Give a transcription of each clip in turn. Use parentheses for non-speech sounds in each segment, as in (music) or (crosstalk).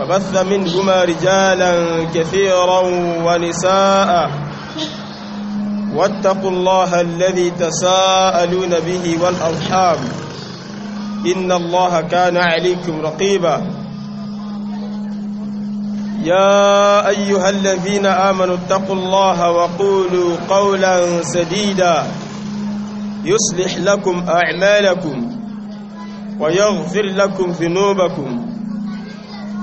فبث منهما رجالا كثيرا ونساء واتقوا الله الذي تساءلون به والأرحام إن الله كان عليكم رقيبا يا أيها الذين آمنوا اتقوا الله وقولوا قولا سديدا يصلح لكم أعمالكم ويغفر لكم ذنوبكم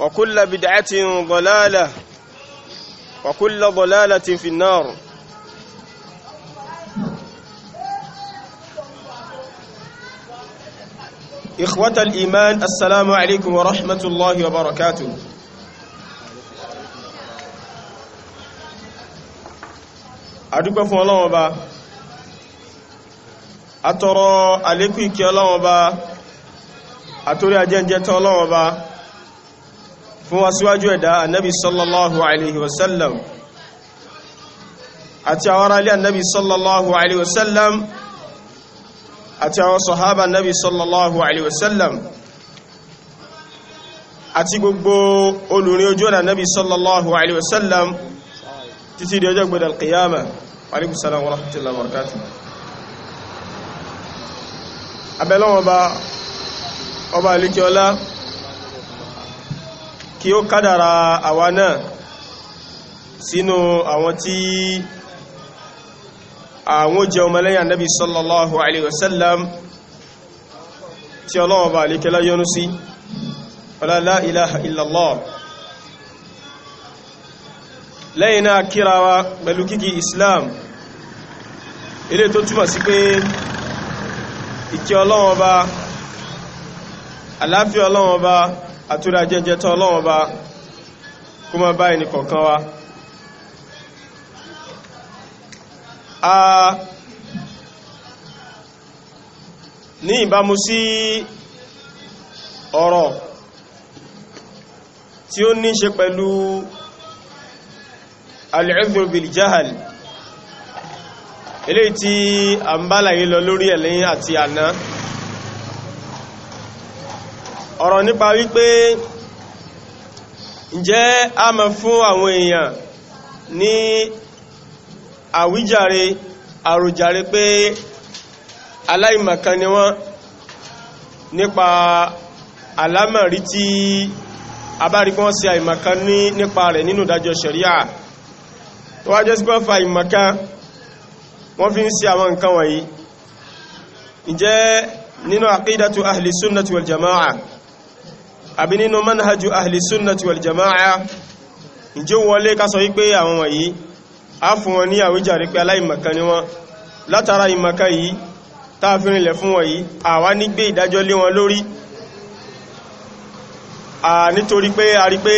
وكل بدعة ضلالة وكل ضلالة في النار إخوة الإيمان السلام عليكم ورحمة الله وبركاته adúpẹ́ fún ọlọ́run ọba atọrọ àlékún ìkẹ́ ọlọ́run ọba àtórí ajẹ́jẹ́ tán ọlọ́run ọba fún aṣíwájú ẹ̀dá annabi sallallahu alaihi wasallam àti àwọn aráalé annabi sallallahu alaihi wasallam àti àwọn sọ̀hábà annabi sallallahu alaihi wasallam àti gbogbo olùrin ojú ọ̀nà annabi sallallahu alaihi wasallam títí di ọjọ́ gbọdọ̀ alkiyama alaikum salam wa rahmatullahi wa barakatuh ọba alikiola kí ó kádàrà àwa náà sínú àwọn tí àwọn jẹ ọmọlẹ́yìn Ànábì sallallahu alaihi wasallam tí ọlọ́wọ́ bá alékẹ́lá yọ́nú sí ọlọ́lá ilaha illallah lẹ́yìn náà kíra wa pẹ̀lú kíkí islam ilé tó túmọ̀ sí pé ìkẹ́ ọlọ́wọ́ bá aláfíà ọlọ́wọ́ bá àtúrà jẹjẹ tán ọlọ́wọ́n bá kó mọ́ báyìí ní kọ̀ọ̀kan wa a ní ìbámu sí ọ̀rọ̀ tí ó ní ṣe pẹ̀lú al-udhr bil-jahl eléyìí tí a ń bá láyé lọ lórí ẹ̀lẹ́yìn àti àná ọ̀rọ̀ nípa wípé ǹjẹ́ a mọ̀ fún àwọn èèyàn ní àwíjàre àròjàre pé aláìmọ̀kan ni wọ́n nípa alámọ̀rí tí a bá rí wọ́n ṣe àìmọ̀kan ní nípa rẹ̀ nínú ìdájọ́ ṣẹ̀ríà tó wájẹ́ sí pọ́fà àìmọ̀kan wọ́n fi ń ṣe àwọn nǹkan wọ̀nyí ǹjẹ́ nínú àkídàtù ahli sunnati wal jama'a àbí nínú manhajú ahli sunnati wal jama'a ìjẹ́ wọlé ká sọ wípé àwọn wọ̀nyí a fún wọn ní àwíjàre pé aláìmọ̀kan ni wọ́n látara ìmọ̀kan yìí táàfínrinlẹ̀ fún wọ̀nyí àwa ní gbé ìdájọ́ lé wọn lórí à nítorí pé a rí pé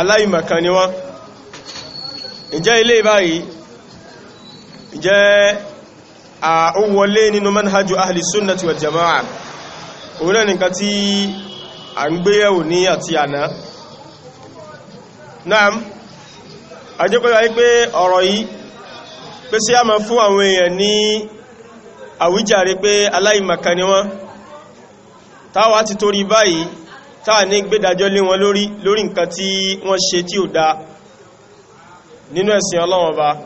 aláìmọ̀kan ni wọ́n ìjẹ́ ilé báyìí ìjẹ́ à wọlé nínú manhajú ahli sunnati wal jama'a òun náà nìkan tí à ń gbé ẹ̀wò ní àti àná náà ajẹ́kọ́lá wípé ọ̀rọ̀ yìí pé sí a máa fún àwọn èèyàn ní àwíjàre pé aláìmàkà ni wọ́n táwa ti torí báyìí táà ní gbédàjọ́ lé wọn lórí lórí nǹkan tí wọ́n ṣe tí ò dáa nínú ẹ̀sìn Ọlọ́run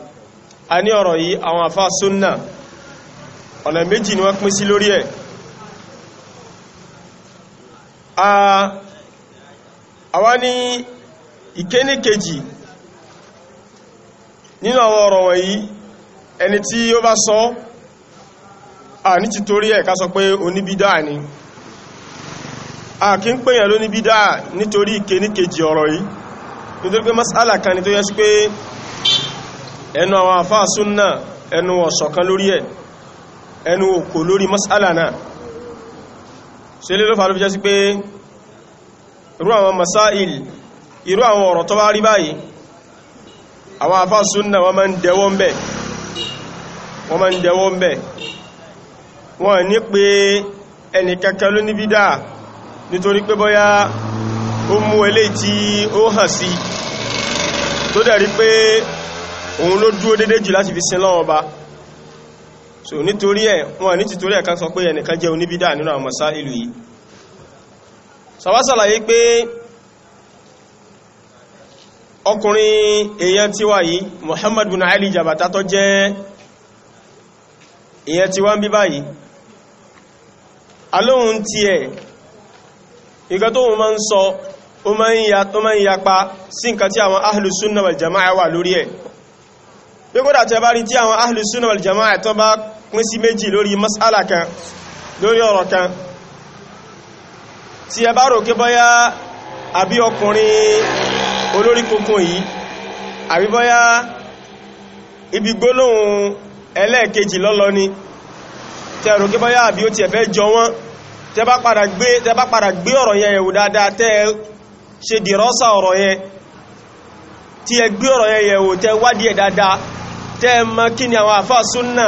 a ní ọ̀rọ̀ yìí àwọn àfáà súnnà ọ̀nà méjì ni wọ́n pín sí lórí ẹ̀ àwa ní ìkéní kejì nínú àwọn ọ̀rọ̀ wọ̀nyí ẹni tí ó bá sọ à ní ti torí ẹ̀ sọ pé oníbídá ni a kí ń pèyàn lóníbídá nítorí ìkéní kejì ọ̀rọ̀ yìí nítorí pé masala kan ni tó yẹ sí pé ẹnu àwọn àfáà súnnà ẹnu ọ̀sọ̀kan lórí ẹ̀ ẹnu òkò lórí masala náà so ilé ló fà ló fi jẹ́ sí pé irú àwọn masáìl irú àwọn ọ̀rọ̀ tó bá rí báyìí àwọn àfá súnnà wọ́n máa ń dẹwọ́ ń bẹ̀ wọ́n máa ń dẹwọ́ ń bẹ̀ wọ́n ní pé ẹni kankan ló ní bídá nítorí pé bọ́yá ó mú eléyìí tí ó hàn sí tó dẹ̀ rí òun ló dúró dédé jù láti fi sin lọ́wọ́ ba so nítorí ẹ̀ wọn ní títorí ẹ̀ ká sọ pé ẹnìkan jẹ́ oníbídà nínú àwọn masá ìlú yìí sàwásàlàyé pé ọkùnrin èèyàn tiwa yìí Muhammad bin Ali Jabata tó jẹ́ èèyàn tiwa ń bí báyìí alóhun ti ẹ̀ ìgbà tó wọ́n máa ń sọ ó máa ń yapa sí nǹkan tí àwọn ahlu wà lórí ẹ̀ pé kódà tí àwọn ahlu sunna wal jama'a tó pín sí méjì lórí mas'ala kan lórí ọ̀rọ̀ kan tí ẹ bá rò kí bọ́yá àbí ọkùnrin olórí kunkun yìí àbí bọ́yá ibi gbólóhùn ẹlẹ́ẹ̀kejì lọ́lọ́ ni tẹ rò kí bọ́yá àbí ó ti ẹ̀fẹ́ jọ wọ́n tẹ bá padà gbé tẹ bá padà gbé ọ̀rọ̀ yẹn yẹ̀wò dáadáa tẹ ṣe dìrọ́sà ọ̀rọ̀ yẹn tí ẹ gbé ọ̀rọ̀ yẹn yẹ̀wò tẹ wádìí ẹ̀ dáadáa tẹ mọ kí ni àwọn àfáà súnnà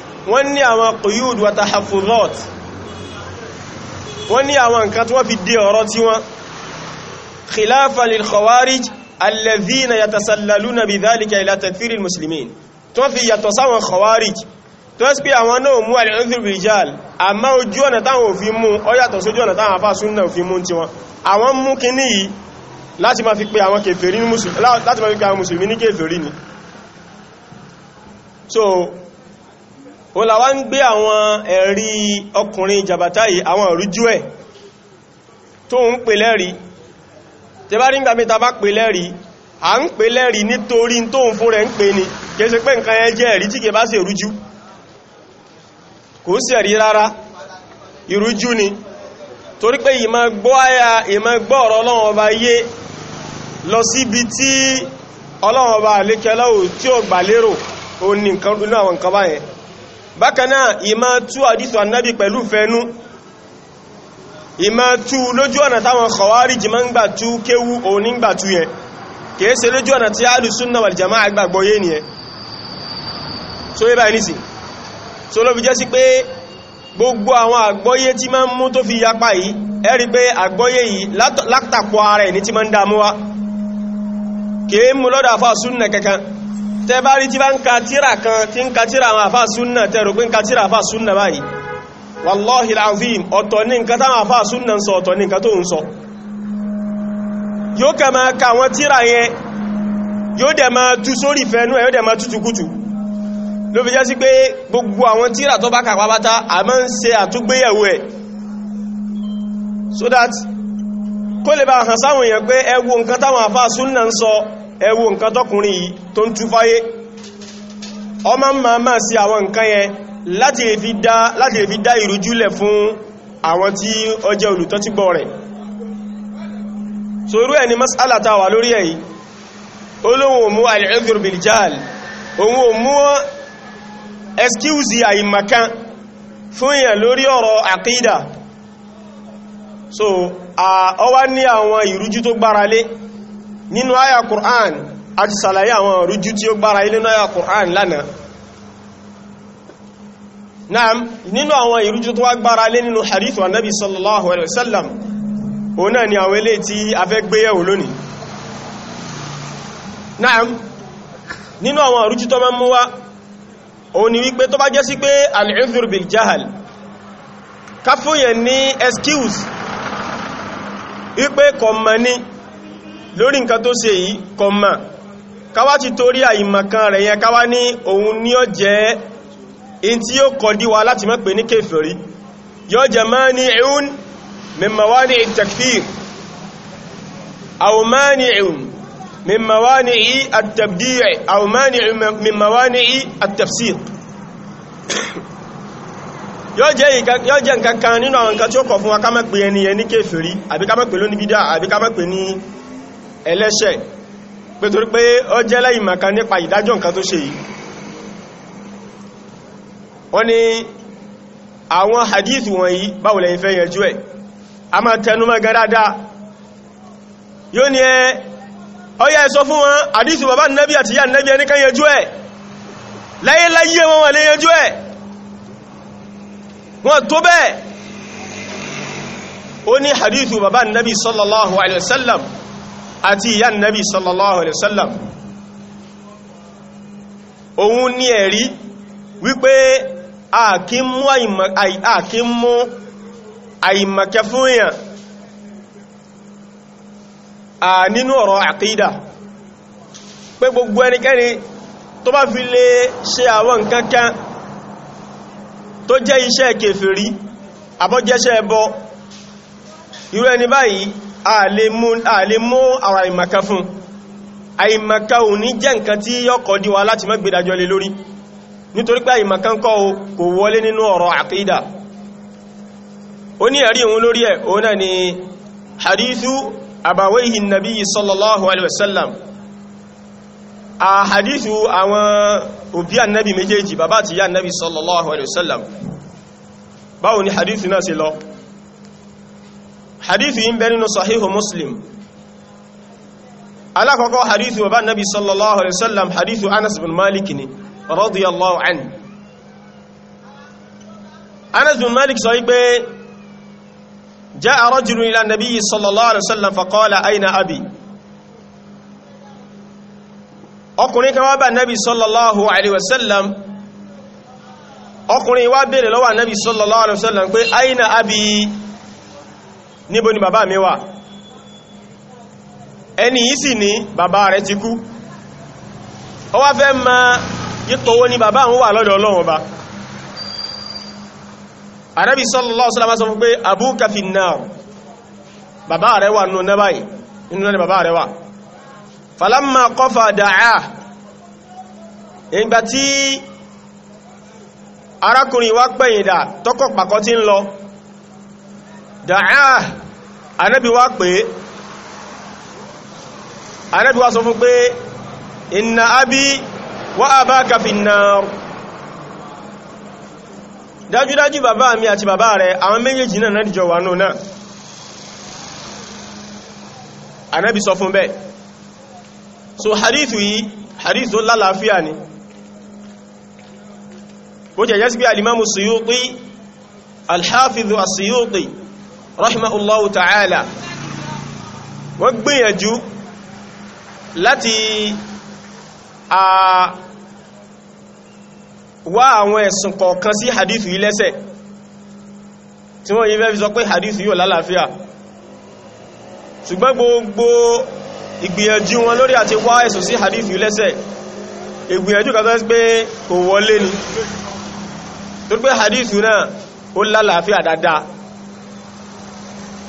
wọ́n ní àwọn quyud wa tahaffuzat wọ́n ní àwọn nǹkan tí wọ́n fi dé ọ̀rọ̀ tí wọ́n khilafa lil khawarij alladhina yatasallaluna bidhalika ila tadhfir al muslimin tó fi yàtọ̀ sáwọn khawarij tó ẹ́sì pé àwọn náà mú al àmá ojú ọ̀nà táwọn òfin mú ọ yàtọ̀ sójú ọ̀nà táwọn afá súnnà òfin mú tí wọn àwọn mú kíní yìí láti ma fi pé àwọn kèfèrí ní ní kèfèrí ni so ó la wá ń gbé àwọn ẹ̀rí ọkùnrin jàbátá yìí àwọn ìrújú ẹ̀ tó ń pè lẹ́rí tí bá nígbà mẹ́ta bá pè lẹ́rí à ń pè lẹ́rí nítorí tó ń fún rẹ̀ ń pè ní kéèsè pé nǹkan ẹ jẹ́ ẹ̀rí tí kè bá sì ìrújú kò sí ẹ̀rí rárá ìrújú ni torí pé ìmọ̀ gbọ́ àyà ìmọ̀ gbọ́ ọ̀rọ̀ ọlọ́run ọba yé lọ síbi tí ọlọ́run ọba àlékẹ́lọ́wò tí ó gbà lérò ó ní nǹkan nínú àwọn nǹkan báyẹn bákanáà ìmá tú àdísù annabi pẹ̀lú fẹ́nú ìmá tú lójú ọ̀nà táwọn khawarij máa ń gbà tú kéwú òní gbà tú yẹn kìí ṣe lójú ọ̀nà tí ahlu sunna wal jamaa àgbàgbọ́ yé nìyẹn so yé báyìí nìsí so ló fi jẹ́ sí pé gbogbo àwọn àgbọ́yé tí máa ń mú tó fi yapa yìí ẹ rí pé kìí mú lọ́dọ̀ àfáà sunna kankan tẹ bá rí tí bá ń ka tíra kan tí ń ka tíra àwọn àfáà súnnà tẹ́rù pé ń ka tíra àfáà súnnà báyìí wallahi alazim ọ̀tọ̀ ní nǹkan táwọn àfáà súnnà sọ ọ̀tọ̀ ní nǹkan tó ń sọ ka àwọn tíra yẹn yóò dẹ̀ máa tu sórí fẹ́nú ẹ̀ yóò dẹ̀ máa ló fi jẹ́ sí pé gbogbo àwọn tíra tó bá kà pápátá a máa ń ṣe àtúgbéyẹ̀wò ẹ̀ so that kó lè sáwọn èèyàn pé ẹ wo nǹkan táwọn ẹ wo nǹkan tọkùnrin yìí tó ń tú fáyé ọmọ máa máa sí àwọn nǹkan yẹn láti lè fi dá láti lè fi dá ìrújúlẹ̀ fún àwọn tí ó jẹ́ olùtọ́tígbọ́ rẹ̀ so irú ẹni mas'ala ta wà lórí èyí olóhun òmú al-udhr bil-jahl òun òmú ẹskíwùsì àìmàkan fún èyàn lórí ọ̀rọ̀ àkídà so ọ wá ní àwọn ìrújú tó gbára nínú àyà Qur'an a ti sàlàyé àwọn òrújú tí ó gbára ilé náà àyà Qur'an lánàá náà nínú àwọn ìrújú tó wá gbára lé nínú hadithu annabi sallallahu alaihi wasallam o náà ni àwọn ilé tí a fẹ́ gbéyẹ̀wò lónìí wípé kọ̀mọ̀ ní lórí nǹkan tó ṣe yìí kò mọ̀ káwá ti torí àìmọ̀kan rẹ̀ yẹn káwá ní òun ní ó jẹ́ in tí yóò kọ díwa láti mọ́ pé ní kèfèrí yóò jẹ́ máa ní ẹ̀hún mímọ̀wá ní ìtẹ̀kfír àwọn máa ní ẹ̀hún mímọ̀wá ní ì àtẹ̀bdíẹ̀ àwọn máa ní ẹ̀hún mímọ̀wá ní ì àtẹ̀fsír yóò jẹ́ nǹkan kan nínú àwọn nǹkan tí ó kọ̀ fún wa ká mọ́ pé ẹni yẹn ní kèfèrí àbí ká mọ́ pé lónìí bídá àbí mọ́ pé ní ẹlẹ́ṣẹ̀ pé torí pé ó jẹ́ lẹ́yìn màkà nípa ìdájọ́ nǹkan tó ṣe yìí wọ́n ní àwọn hadith wọ̀nyí báwo lẹ́yìn fẹ́ yanjú ẹ̀ a máa tẹnumọ́ gẹ́dáadáa yóò ní ẹ ọyá ẹ sọ fún wọn hadith bàbá nẹ́bí àti yá nẹ́bí ẹni kan yanjú ẹ̀ láyé láyé wọn wọ́n lè yanjú ẹ̀ wọ́n tó bẹ́ẹ̀ ó ní hadith bàbá nẹ́bí sallallahu alaihi wasallam àti ìyá nàbí sallallahu alaihi wasallam òun ní ẹ̀rí wípé àkí mú àìmọ̀kẹ́ fún èèyàn à nínú ọ̀rọ̀ àkídà pé gbogbo ẹnikẹ́ni tó bá fi lè ṣe àwọn nǹkan tó jẹ́ iṣẹ́ kèfèrí àbọ́jẹ́ṣẹ́ ẹbọ irú ẹni báyìí a lè mú ara ìmàkà fún àìmàkà ò ní jẹ́ nǹkan tí yọ́kọ̀ díwa láti má gbèdàjọ́ lé lórí nítorí pé àìmàkà ń kọ́ kò wọlé nínú ọ̀rọ̀ àkídà ó ní ẹ̀rí òun lórí ẹ̀ òun náà ni hadithu abawaihi nabiyyi sallallahu alaihi wasallam a hadithu àwọn òbí annabi méjèèjì bàbá àti ìyá sallallahu alaihi wasallam báwo ni hadithu náà ṣe hadithi yìí ń bẹ nínú sahihu muslim alákọ̀ọ́kọ́ hadithu bàbá nabi sallallahu alaihi wasallam hadithu anas bin malik ni radiyallahu anhu anas bin malik sọ wípé جاء رجل إلى النبي صلى الله عليه وسلم فقال أين أبي ọkùnrin kan wá bá nẹ́bí sallallahu alaihi wasallam ọkùnrin wá bèèrè lọ́wọ́ nẹ́bí sallallahu alaihi wasallam pé aina abi níbo ni bàbá mi wà ẹni yìí sì ní bàbá rẹ̀ ti kú ó wá fẹ́ ma yípo owó ní bàbá àwọn wà lọ́dọ̀ Ọlọ́run ọba Ànábì sallallahu alaihi wasallam sọ fún pé abúkà fi náà bàbá rẹ̀ wà nínú náà báyìí nínú náà ni bàbá rẹ̀ wà falamma qafa dàá ìgbà tí arákùnrin wá pẹ̀yìndà tọ́kọ̀ pàkọ́ ti ń lọ dàá anábi wá pé anábi wá sọ fún pé inna abi wa abaka finnar dájúdájú bàbá mi àti bàbá rẹ̀ àwọn méjèèjì náà náà dìjọ wà náà anábi sọ fún bẹ́ẹ̀ so hadithu yìí hadithu lálàáfíà ni bó jẹ́ jẹ́ sí pé alimamu Suyuti alhafidhu as-Suyuti rahimahullahu ta'ala wọ́n gbìyànjú láti a wá àwọn ẹ̀sùn kọ̀ọ̀kan sí hadithu yìí lẹ́sẹ̀ tí wọ́n yí fẹ́ fi sọ pé hadithu yóò lálàáfíà ṣùgbọ́n gbogbo ìgbìyànjú wọn lórí àti wá ẹ̀sùn sí hadithu lẹ́sẹ̀ ìgbìyànjú kan tó ń pé kò wọlé ni torí pé hadithu náà ó lálàáfíà dáadáa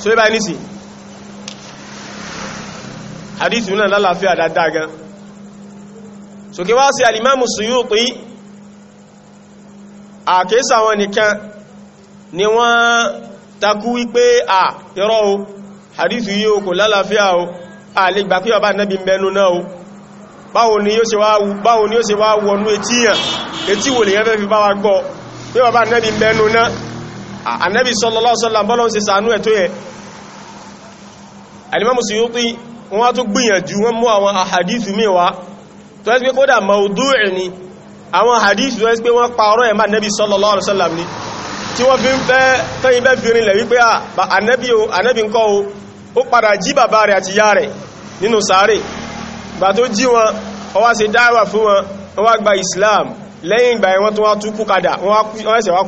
so yíba ní sí hadith náà lálàáfíà dáadáa gan so kí wá sí alimamu Suyuti àkéésà wọn nìkan ni wọ́n takú wípé à irọ́ o hadith yìí o kò lálàáfíà o a lè gbà kí ọba nẹ́bí mẹ́nu náà o báwo ni yóò ṣe wá wọnú etíyàn etí wò lè yẹ́ fẹ́ fi bá wa gbọ́ pé ọba nẹ́bí mẹ́nu náà annabi sallallahu alaihi wasallam bọ́lọ́n ṣe sàánú ẹ̀ tó yẹ alimamu Suyuti wọ́n tó gbìyànjú wọ́n mú àwọn ahadithu mẹ́wàá tó ẹ́sì pé kódà maudu'i ni àwọn ahadithu tó ẹ́sì pé wọ́n pa ọ̀rọ̀ ẹ̀mà annabi sallallahu alaihi wasallam ni tí wọ́n fi ń fẹ́ tẹ́yìn bẹ́ fi rinlẹ̀ wípé annabi ah, ńkọ́ o ó padà jí bàbá rẹ̀ àti yá rẹ̀ nínú sáré gbà tó jí wọn Islam lẹ́yìn ìgbà ẹ̀ wọ́n tó wá tú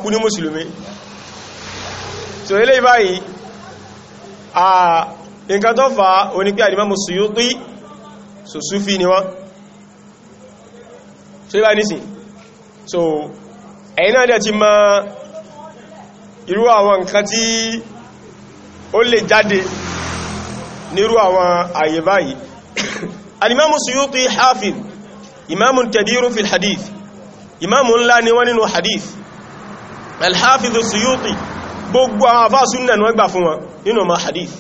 kú ní so eléyìí báyìí à nǹkan tó fà ó ní pé àdìmọ́mù Suyuti so Sufi ni wọ́n so ibá nísìn so ẹ̀yìn náà dẹ̀ ti ma irú àwọn nǹkan tí ó lè jáde nírú àwọn àyè báyìí (coughs) alimamu Suyuti hafiz imamun kabiru fil hadith imamun ńlá ni wọ́n nínú hadith alhafizu Suyuti gbogbo àwọn àfá súnnà ní wọ́n gbà fún wọn nínú ọmọ hadith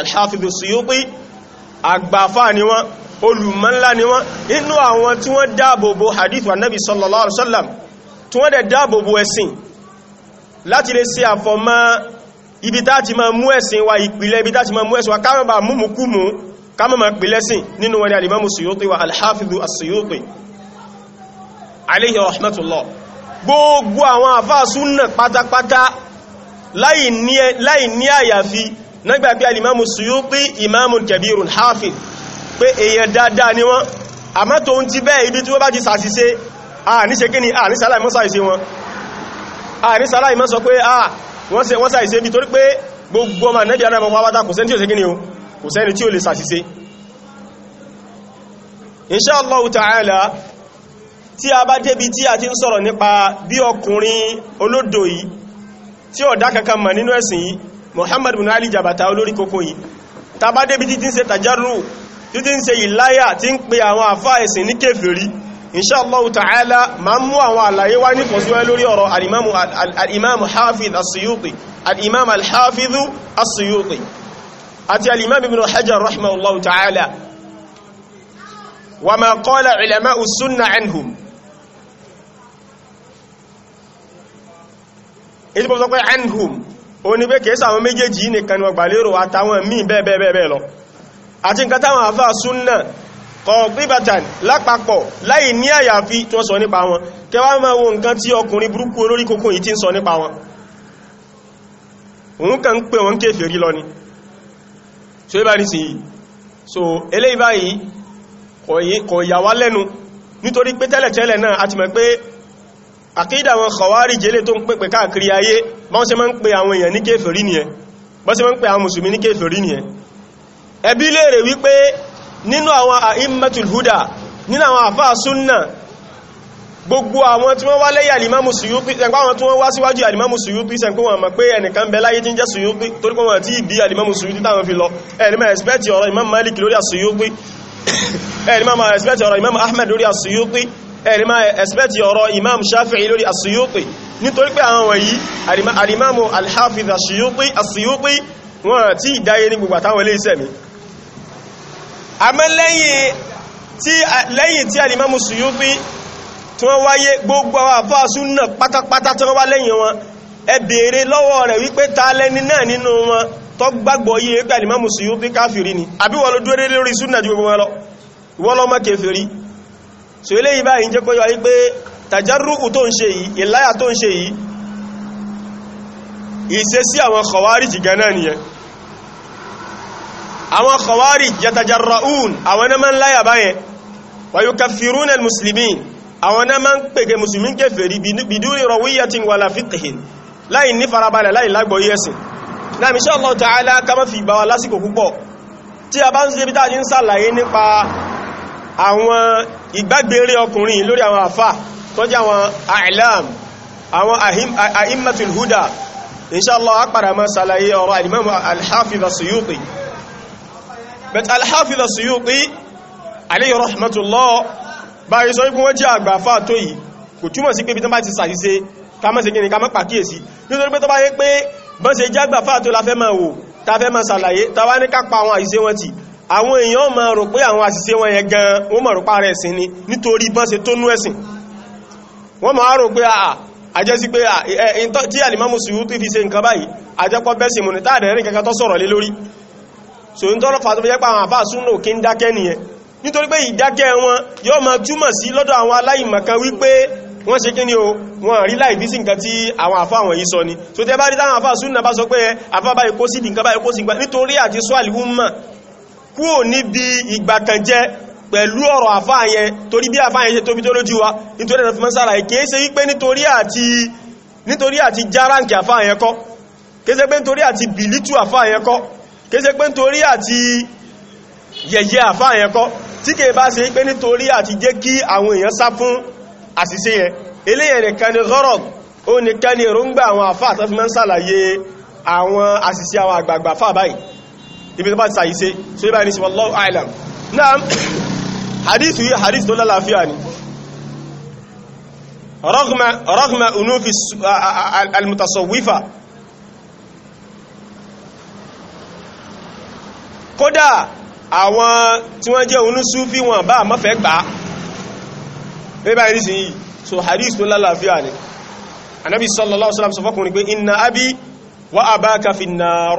alhafidu suyuti àgbàfà ni wọ́n olùmọ́nlá ni wọ́n inú àwọn tí wọ́n dáàbòbò hadith wa nabi sallallahu alaihi wasallam tí wọ́n dẹ̀ dáàbòbò ẹ̀sìn láti lè ṣe àfọ̀mọ́ ibi tá ti ma mú ẹ̀sìn wa ìpìlẹ̀ ibi tá ti alimamu suyuti wa alhafidu asuyuti alayhi rahmatullah gbogbo àwọn àfáà súnnà pátápátá láì ní àyàfi nígbà bí alìmọ́mù Suyuti imamun kabirun hafiz pé èèyàn dáadáa ni wọ́n àmọ́ tó ń ti bẹ́ẹ̀ ibi tí wọ́n bá ti sàṣìṣe àníṣe kí ni àníṣàláìmọ́ sàṣìṣe wọn àníṣàláìmọ́ sọ pé à wọ́n sàṣìṣe bí torí pé gbogbo ọmọ nẹ́bí anábọ̀ pàwátá kò sẹ́ni tí ó ṣe kí ni o kò ta'ala tí a bá débi tí a ti ń sọ̀rọ̀ nípa bí ọkùnrin olódò yìí tí ó dá kankan mọ̀ nínú ẹ̀sìn yìí Muhammad bin Ali Jabata olórí kókó yìí ta bá débi títí ń ṣe tajarru títí ń ṣe ìláyà tí ń pe àwọn àfá ẹ̀sìn ní kèfèrí insha Allah ta'ala ma mú àwọn àlàyé wá ní fọ̀síwẹ́ lórí ọ̀rọ̀ al-imam al hafiz as-Suyuti àti al-imam ibn Hajar rahimahullahu ta'ala wa ma qala ulama'u sunnah ìsìnkú sọ pé anhum o ní pé kèésà àwọn méjèèjì nìkan ni wọ́n gbà lérò àtàwọn míì bẹ́ẹ̀bẹ́ẹ̀bẹ́ẹ̀ lọ àti nǹkan táwọn àfáà súnnà kọ̀ọ̀píbàtàn lápapọ̀ láì ní àyàfi tí wọ́n sọ nípa wọn kẹwàá máa wo nǹkan tí ọkùnrin burúkú olórí kókó yìí ti so ibá ní sí yìí so eléyìí báyìí kò àkídà àwọn kọwàrí jẹ́lẹ̀ tó ń pèpè káàkiri ayé bọ́n ṣe máa ń pè àwọn èèyàn ní kéfèrí nìyẹn bọ́n ṣe máa ń pè àwọn mùsùlùmí ní kéfèrí nìyẹn ẹbí léèrè wípé nínú àwọn àìmẹ́tul huda nínú àwọn àfáà súnnà gbogbo àwọn tí wọ́n wá lẹ́yìn alimamu suyuti ẹgbẹ́ àwọn tí wọ́n wá síwájú alimamu suyuti sẹ́nkú wọn mọ̀ pé ẹnìkan bẹ láyé tí ń jẹ́ suyuti torí wọn tí ìbí alimamu suyuti táwọn fi lọ ẹ̀rìmọ̀ (coughs) ẹ̀rì máa ẹ̀spẹ́tì ọ̀rọ̀ imam shafi'i lórí asuyuti nítorí pé àwọn wọ̀nyí alimamu alhafiz asuyuti asuyuti wọ́n tí ìdáyé ní gbogbo àtàwọn iléeṣẹ́ mi àmọ́ lẹ́yìn tí alimamu suyuti tí wọ́n wáyé gbogbo àwọn àfáàsú náà pátápátá tí wọ́n wá lẹ́yìn wọn ẹ bèèrè lọ́wọ́ rẹ̀ wípé ta lẹ́ni náà nínú wọn tó gbàgbọ́ yí ẹgbẹ́ alimamu suyuti káfìrí ni àbí wọ́n ló dúró lórí súnà ju gbogbo wọn lọ wọ́n lọ́mọ kẹfìrí so eléyìí báyìí jẹ́ pẹ́yọ wípé tàjárùkù tó ń ṣe yìí ìláyà tó ń ṣe yìí ìṣe sí àwọn kọwárìjì gánà nìyẹn àwọn kọwárìjì yatajarra'un àwọn náà máa ń láyà báyẹn wa yukaffiruna al-muslimin àwọn náà máa ń pèkè musulmi kèfèrí biduni rawiyatin wala fiqhin láì ní farabalẹ̀ láì lágbọ̀ọ́yé ẹ̀sìn náà àwọn ìgbàgbèrè ọkùnrin lórí àwọn àfà tọ́jú àwọn àìlàm àwọn àìmàtul huda inṣàlọ́ àpàràmọ́ sàlàyé ọ̀rọ̀ al-imam al-hafiz as-suyuti bet al-hafiz as-suyuti alayhi rahmatullah bá yí sọ ikú wọ́n jẹ́ àgbà àfà tó yìí kò túmọ̀ sí pé bí tán bá ti sàdíse ká mọ́ sí kí ni ká mọ́ pàkíyèsí nítorí ta fẹ́ máa sàlàyé ta ní ká pa àwọn àìsẹ́ wọn tì àwọn èèyàn ma rò pé àwọn àṣìṣe wọn yẹn gan wọ́n ma rò pá rẹ̀ ni nítorí bọ́n ṣe tó nú ẹ̀sìn wọ́n ma rò pé àà àjẹ́sí pé tí Alimamu Suyuti fi ṣe nǹkan báyìí àjẹ́pọ̀ bẹ́sì mú ní táàdẹ̀rin so n tọ́lọ́fà tó jẹ́ pa àwọn àbá súnà kí ń dákẹ́ nìyẹn nítorí pé ìdákẹ́ wọn yóò ma túmọ̀ wọ́n ṣe kí ni o wọ́n rí láì bí sí nǹkan tí àwọn àfá àwọn yìí sọ ni so tẹ bá rí táwọn àfá súnà bá sọ pé àfá báyìí kó sí nǹkan báyìí kó sí nǹkan nítorí àti sọ àlìwú mọ̀ kúò níbi ìgbàkànjẹ́ pẹ̀lú ọ̀rọ̀ àfáàyẹn torí bí àfáàyẹn ṣe tóbi tó lójú wa nítorí ẹ̀rọ fún sára kìí ṣe wípé nítorí àti nítorí àti járáǹkì àfáàyẹn kọ́ kìí ṣe pé nítorí àti bìlítù àfáàyẹn kọ́ kìí ṣe pé nítorí àti yẹ̀yẹ́ àfáàyẹn kọ́ tí kìí bá ṣe pé nítorí àti jẹ́ kí àwọn èèyàn sá fún àṣìṣe yẹn eléyẹn nìkan ni gọ́rọ̀ ó nìkan ni èròǹgbà ibi tó bá ti sàyíṣe so ibá ní sí wallahu a'lam náà (coughs) hadith yìí hadith tó lálàáfíà ni rọ́gbà unúfi almutasawwifa kódà àwọn tí wọ́n jẹ́ onúsúfí wọn bá mọ́fẹ́ gbà bíbá ìrísí yìí so hadith tó lálàáfíà ni anábi sallallahu alaihi wasallam sọ fọ́kùnrin pé inna abi wa abaka fi nnar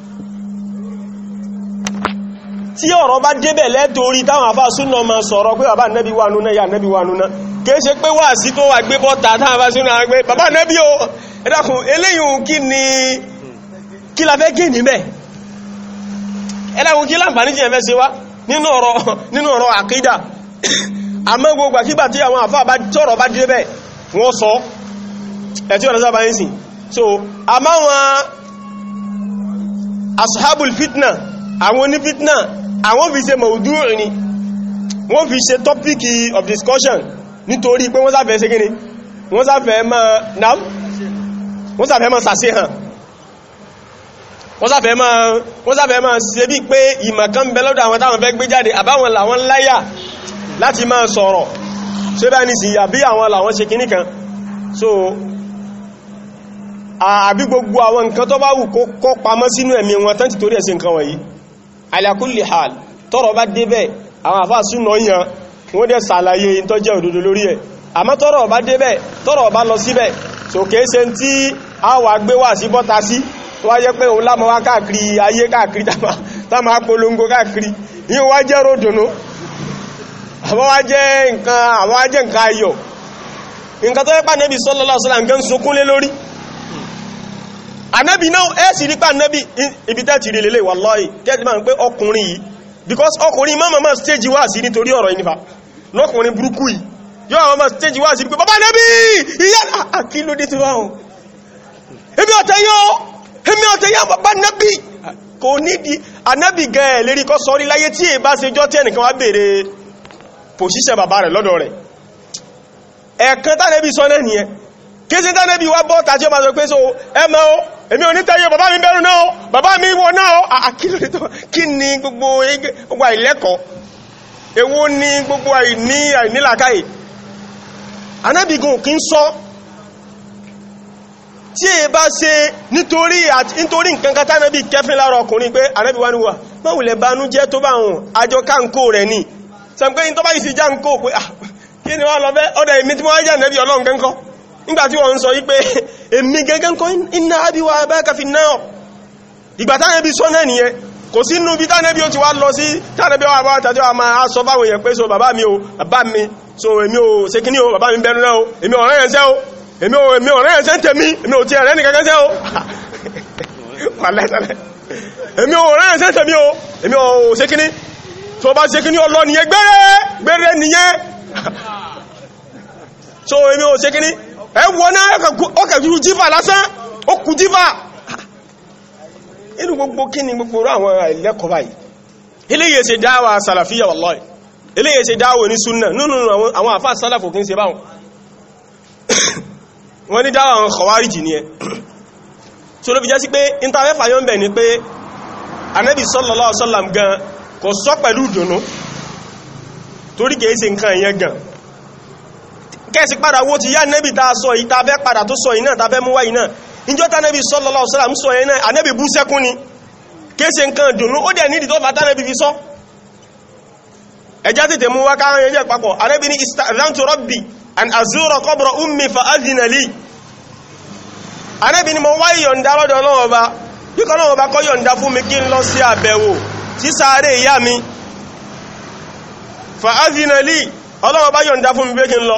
tí ọ̀rọ̀ bá débẹ̀ lẹ́torí táwọn àfá súnà ma sọ̀rọ̀ pé bàbá nẹ́bí wà núná ya nẹ́bí wà núná kìí ṣe pé wà sí tó wà gbé bọ́ta táwọn àfá súnà gbé bàbá nẹ́bí o ẹ dákun eléyìn ni kí la fẹ́ gé níbẹ̀ ẹ dákun kí láǹfààní jẹ́ fẹ́ ṣe wá àwọn àfá so àmáwọn ashabul fitna àwọn onífitna àwọn fi ṣe mọ̀ọ̀dú ni wọ́n fi ṣe topic of discussion nítorí pé wọ́n sáfẹ́ ṣe gíní wọ́n sáfẹ́ ma náà wọ́n sáfẹ́ ma sàṣẹ́ hàn wọ́n sáfẹ́ ma wọ́n sáfẹ́ ma ṣe bí pé ìmọ̀kan bẹ lọ́dọ̀ àwọn táwọn fẹ́ gbé jáde àbáwọn làwọn láyà láti máa sọ̀rọ̀ ṣe bá ní sí àbí àwọn làwọn ṣe kíní kan so àbí gbogbo àwọn nǹkan tó bá wù kó pamọ́ sínú ẹ̀mí wọn tán ti torí ẹ̀sìn nǹkan wọ̀nyí ala kulli hal tọ́rọ̀ bá débẹ̀ àwọn àfáà súnà yàn wọ́n dẹ̀ sàlàyé tó jẹ́ òdodo lórí ẹ̀ àmọ́ tọ́rọ̀ bá débẹ̀ tọ́rọ̀ bá lọ síbẹ̀ so kéése tí a wà gbé wà sí bọ́ta sí tó wáyé pé òun lámọ́ wá káàkiri (laughs) ànábì náà ẹ́sì rípa ànábì ibi tẹ́ ti rí lélẹ̀ wallahi tẹ́tí máa ń pé ọkùnrin yìí because ọkùnrin máa máa stage wá sí nítorí ọ̀rọ̀ ìnífà lọ́kùnrin burúkú yìí yóò àwọn máa stage wá sí pé bàbá ànábì ìyára ah, àkílódé tí wọ́n èmi ọ̀tẹ̀ yóò èmi ọ̀tẹ̀ yóò bàbá ànábì kò nídìí ànábì gẹ̀ẹ́ lérí kọ́ sọ́rí láyé tí è bá ṣe jọ́ tí ẹnìkan wá béèrè pòṣíṣẹ́ bàbá rẹ̀ lọ́dọ̀ rẹ̀ ẹ̀ẹ̀kan tánẹ́bì sọ náà nìyẹn kí sí tánẹ́bì wá bọ́ tàbí ọmọ sọ pé so èmi ò ní tẹ́yẹ bàbá mi bẹ̀rù náà bàbá mi wọ náà àkílòdé tó kí ni gbogbo àìlẹ́kọ̀ọ́ èwo ni gbogbo àìní àìnílàkáyè anábìgun kí ń sọ tí è bá ṣe nítorí nítorí nǹkan kan tánàbì kẹfin lára ọkùnrin pé anábì wá níwà mọ́wùlẹ̀ banú jẹ́ tó bá hùn àjọ káńkó rẹ̀ ni sọ pé ní tọ́bá yìí sì já ń kó pé ah, kí ni wọ́n lọ bẹ́ ọ̀dọ̀ èmi tí wọ́n jẹ́ ànábì ọlọ́run kẹ́ńkọ́ nígbàtí wọ́n ń sọ wípé èmi gẹ́gẹ́ kọ́ iná àbíwá abẹ́kàfì náà ìgbàtánẹ́bí sọ náà nìyẹn kò sí inú bí tánẹ́bí ó ti wá lọ sí tánẹ́bí wà bá tàbí wà máa sọ báwọn èèyàn pé so bàbá mi o bàbá mi so èmi o ṣe kí ní o bàbá mi ò ti ẹ̀rẹ́ ní kankan sẹ́ o èmi ò ọ̀rẹ́ yẹn sẹ́ ń tẹ̀mí o èmi ò ṣe kí ní tó (laughs) so èmi ò ẹ wọ náà ọkẹ̀dúrú jífà lásán ó kù jífà inú gbogbo kí ni gbogbo àwọn ẹ̀lẹ́kọ̀ọ́ báyìí eléyìí ṣe dáwà sàlàfíyà wallahi eléyìí ṣe dáwà ní súnà nínú àwọn àfáà sálàfò kí ń ṣe báwọn (coughs) wọ́n ní dáwà àwọn kọ̀wárìjì ni ẹ (coughs) so ló fi jẹ́ sí pé intafẹ́fà yọ́ kẹ́sì padà wo ti yá nẹ́bì tá a sọ yìí tá a fẹ́ padà tó sọ yìí náà tá a fẹ́ mú wá yìí náà ìjọ tá nẹ́bì sallallahu alaihi wasallam sọ yẹn náà ànẹ́bì bú sẹ́kún ni kéèsè nǹkan dùnú ó dẹ̀ nídìí tó fà tá nẹ́bì fi sọ ẹjá tètè mú wá káwọn yẹn papọ̀ ànẹ́bì ní ista'dhantu rabbi an azura qabra ummi fa adhina li ànẹ́bì ni mo wá ìyọ̀ǹda lọ́dọ̀ Ọlọ́run Ọba kíkọ́ Ọlọ́run Ọba kọ́ fún mi kí fa adhina li Ọlọ́run Ọba kí n lọ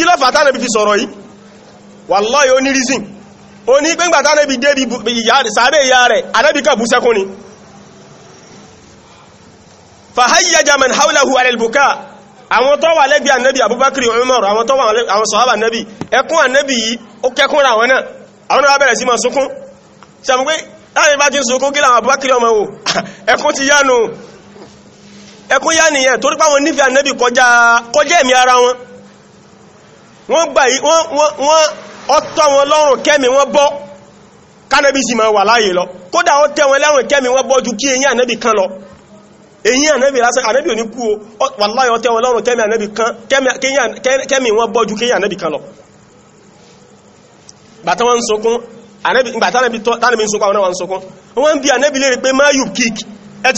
kí ló fà tánàbí fi sọ̀rọ̀ yìí wàláyé ó ní reason ó ní pẹ́ngbà tánàbí débi sàárẹ̀ ìyá rẹ̀ anábì kàbú sẹ́kún ni fàháyíyájá man haulahu alẹ́lbùká àwọn tó wà lẹ́gbẹ̀ẹ́ anábì abubakar umar àwọn tó wà àwọn sọ̀hábà anábì ẹkún anábì yìí ó kẹ́kún ra àwọn náà àwọn náà bẹ̀rẹ̀ sí máa sunkún sàmù pé láàrin bá ti ń sunkún kí làwọn abubakar ọmọ wò (laughs) ẹkún yá nìyẹn torípáwọn nífẹ̀ẹ́ anábì kọjá ẹ̀mí ara wọn wọ́n gbà yí wọ́n ọ̀tọ̀ wọn lọ́rùn kẹ́mi wọ́n bọ́ kánẹ́bí sì máa wà láàyè lọ kódà ó tẹ́ wọn lẹ́rùn kẹ́mi wọ́n bọ́ ju kí eyín ànẹ́bì kan lọ èyí ànẹ́bì lásán ànẹ́bì ò ní kú o wàláyọ̀ tẹ́ wọn lọ́rùn kẹ́mi ànẹ́bì kan kẹ́mi wọ́n bọ́ ju kí eyín ànẹ́bì kan lọ bàtà wọn ń sọkún ànẹ́bì bàtà ànẹ́bì ń sọkún àwọn náà wọn ń sọkún wọ́n bí ànẹ́bì lè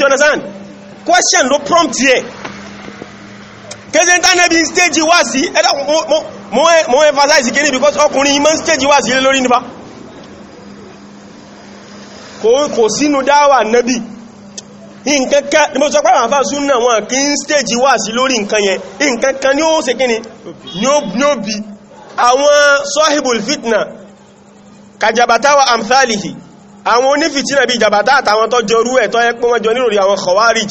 understand question ló prompt yẹ kẹ́sẹ̀ ń tánẹ́bì stage wá E, mo emphasize kìíní because ọkùnrin imọ́ stage wà sílé lórí nípa kò sínú dáwà nẹ́bì nkẹ́kẹ́ ni mo sọ pé àwọn àfáà súnnà wọn kí ń stage wà sí lórí nǹkan yẹn nǹkankan ni ó ṣe kíni ni ó bí àwọn sọ́hìbùl fitna kàjàbátá wa amthalihi àwọn onífìtínà bí jàbátá àtàwọn tó jọ rú ẹ̀ tó yẹ pé wọ́n jọ níròrí àwọn khawarij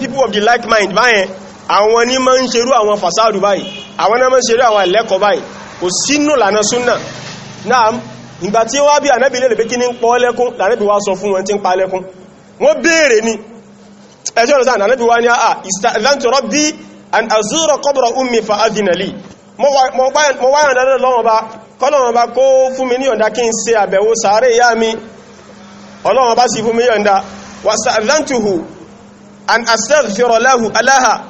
people of the like mind báyẹn àwọn ní máa ń ṣerú àwọn fasádù báyìí àwọn náà máa ń ṣerú àwọn ẹ̀lẹ́kọ̀ báyìí kò sínú lànà súnà náà ìgbà tí wá bí ànábì lè pé kí ní pọ́ lẹ́kún lànábì wá sọ fún wọn tí ń pa lẹ́kún wọ́n béèrè ni ẹjọ́ ìrọ̀sán lànábì wá ní àà ista'dhantu rabbi an azura qabra ummi fa adhina li mo wá yàn dáadáa lọ́wọ́ bá kọ́lọ́wọ́ bá kó fún mi ní ọ̀dá kí n ṣe àbẹ̀wò sàárè ìyá alaha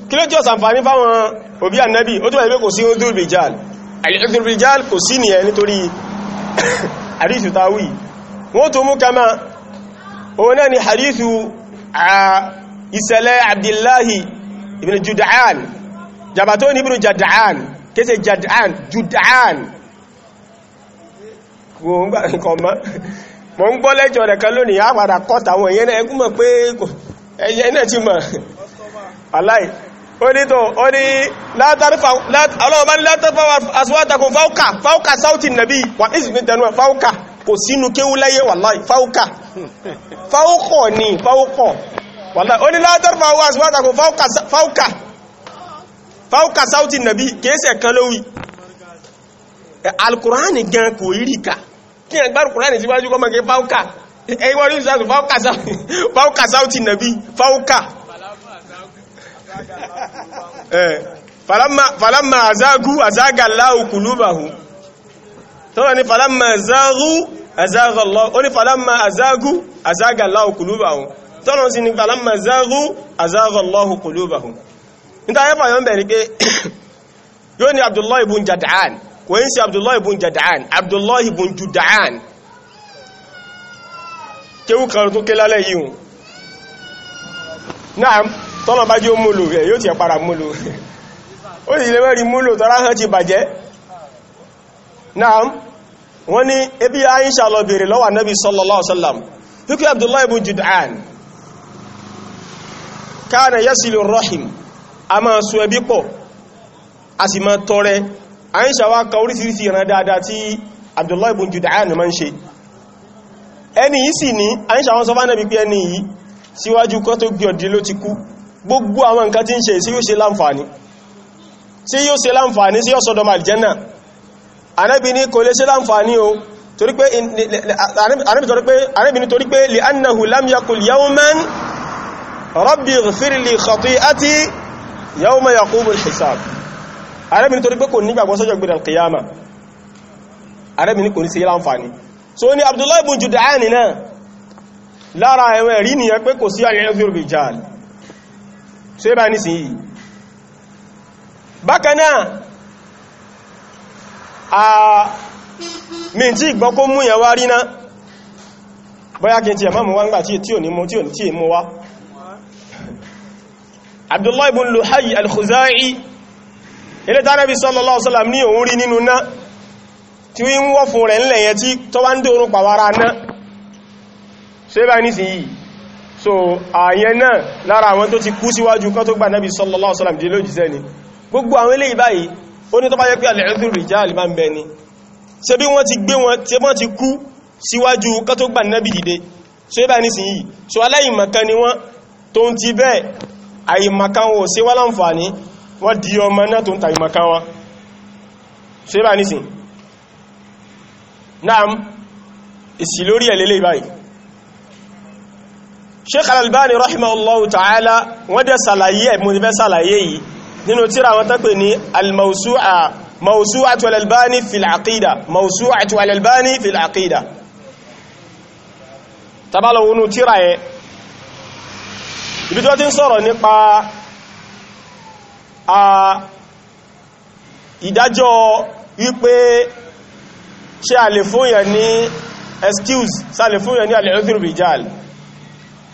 kí ló tí ó sàǹfàní fáwọn òbí ànábì ó túnbà ìgbé kò sí ọdúrbìjáàl àìlẹ́dúrbìjáàl kò sí nìyẹn nítorí àríṣùtawì (coughs) wọ́n tó mú kama òun náà ni hadithu ìṣẹ̀lẹ̀ abdullahi ibn juda'an juda'an mo ń gbọ́ lẹ́jọ́ rẹ̀ kan lónìí á padà kọ́ta àwọn èèyàn ẹgbùn mọ̀ pé aláì onítọ̀ oní ọlọ́ọ̀bá ní látàrífà aswatakum fáúkà fáúkà sáútì nàbí wà ìsìnkú tẹnu fáúkà kò sínú kéwú láyé wallahi fáúkà fáúkọ̀ ni fáúkọ̀ wallahi oní látàrífà aswatakum fáúkà fáúkà sáútì nàbí kéèsẹ̀ kan lówí alkùránì gan kò ríríkà kí ẹgbẹ́ alkùránì síwájú kọ́mọ̀ Eh, falamma azagu azaga Allahu qulubahum tọ́wọ́ ni falamma azagu azaga Allah ó ní falamma azagu azaga Allahu qulubahum tọ́lọ́ sí ni falamma azagu azaga Allahu qulubahum níta yẹ́fà yọ́n bẹ̀rẹ̀ pé (coughs) yóò ní Abdullahi ibn Jad'an kò ń sí Abdullahi ibn Jad'an Abdullahi ibn Jud'an kéwù kan tó ké lálẹ́ yìí hùn náà tọ́nà bá jí ó múlò ẹ̀ yóò ti ẹ̀ padà múlò ó sì lè mẹ́rin múlò tọ́rá hàn ti bàjẹ́ náà wọ́n ní ebi Aisha lọ bèèrè lọ́wọ́ Ànábì sallallahu Abdullahi ibn Jud'an kana yasilu rahim a máa so ẹbí pọ̀ a sì máa tọrẹ Aisha wá ka Abdullahi ibn Jud'an máa ń ṣe ẹni yìí sì ní Aisha wọ́n sọ fánàbí pé ẹni yìí síwájú kọ́ tó gbí ló ti kú gbogbo àwọn nǹkan tí ń ṣe sí yóò ṣe láǹfààní sí yóò ṣe láǹfààní sí yóò sọ́dọ̀mà àlìjẹ́nà anábi ní kò lè ṣe láǹfààní o torí pé anábi ní torí pé lè annahu lam yakul yawman rabbi ghfir li khati'ati yawma yaqumul hisab anábi ní torí pé kò ní sọ́jọ́ gbìdàn kìyàmà anábi ní kò ní so ni abdullahi ibn náà lára ẹ̀wọ̀n ẹ̀rí nìyẹn pé kò sí àyẹ̀yẹ́ fìrìbìjáàlì so ibá nísìn yìí bákanáà a mìntí ìgbọ́ kó mú yẹn wá rí ná bóyá kí n ti ẹ̀mọ́ mú wá ń gbà tí ò ní mú tí ò tí è mú wá Abdullah ibn Luhay al-Khuzai ilé tánàbí sallallahu alaihi wasallam ní òun rí nínú náà tí wí ń wọ́ fún rẹ̀ ńlẹ̀ yẹn tí tọ́wá ń dé orún pàwàrà ṣe bá ní yìí so àyẹn náà lára àwọn tó ti kú síwájú kan tó gbà nábi sallallahu alaihi wasallam di lójíṣẹ́ ni gbogbo àwọn eléyìí báyìí ó ní tó bá yẹ pé al-udhru rijal máa ni ṣe bí wọ́n ti gbé wọn tí wọ́n ti kú síwájú kan ni wọ́n tó ń ti bẹ́ẹ̀ Sheikh Al-Albani rahimahullahu ta'ala wọ́n dẹ̀ sàlàyé ẹ̀ mún ibẹ́ sàlàyé yìí nínú tíra wọn tọ́pẹ̀ ní al-mawsu'a mawsu'atu al-Albani fil aqida mawsu'atu al-Albani fil aqida tabala wọnú tíra yẹ ibi tó ti ń sọ̀rọ̀ nípa a ìdájọ́ wípé ṣe àlè fún yẹn ní excuse sáàlè fún yẹn ní al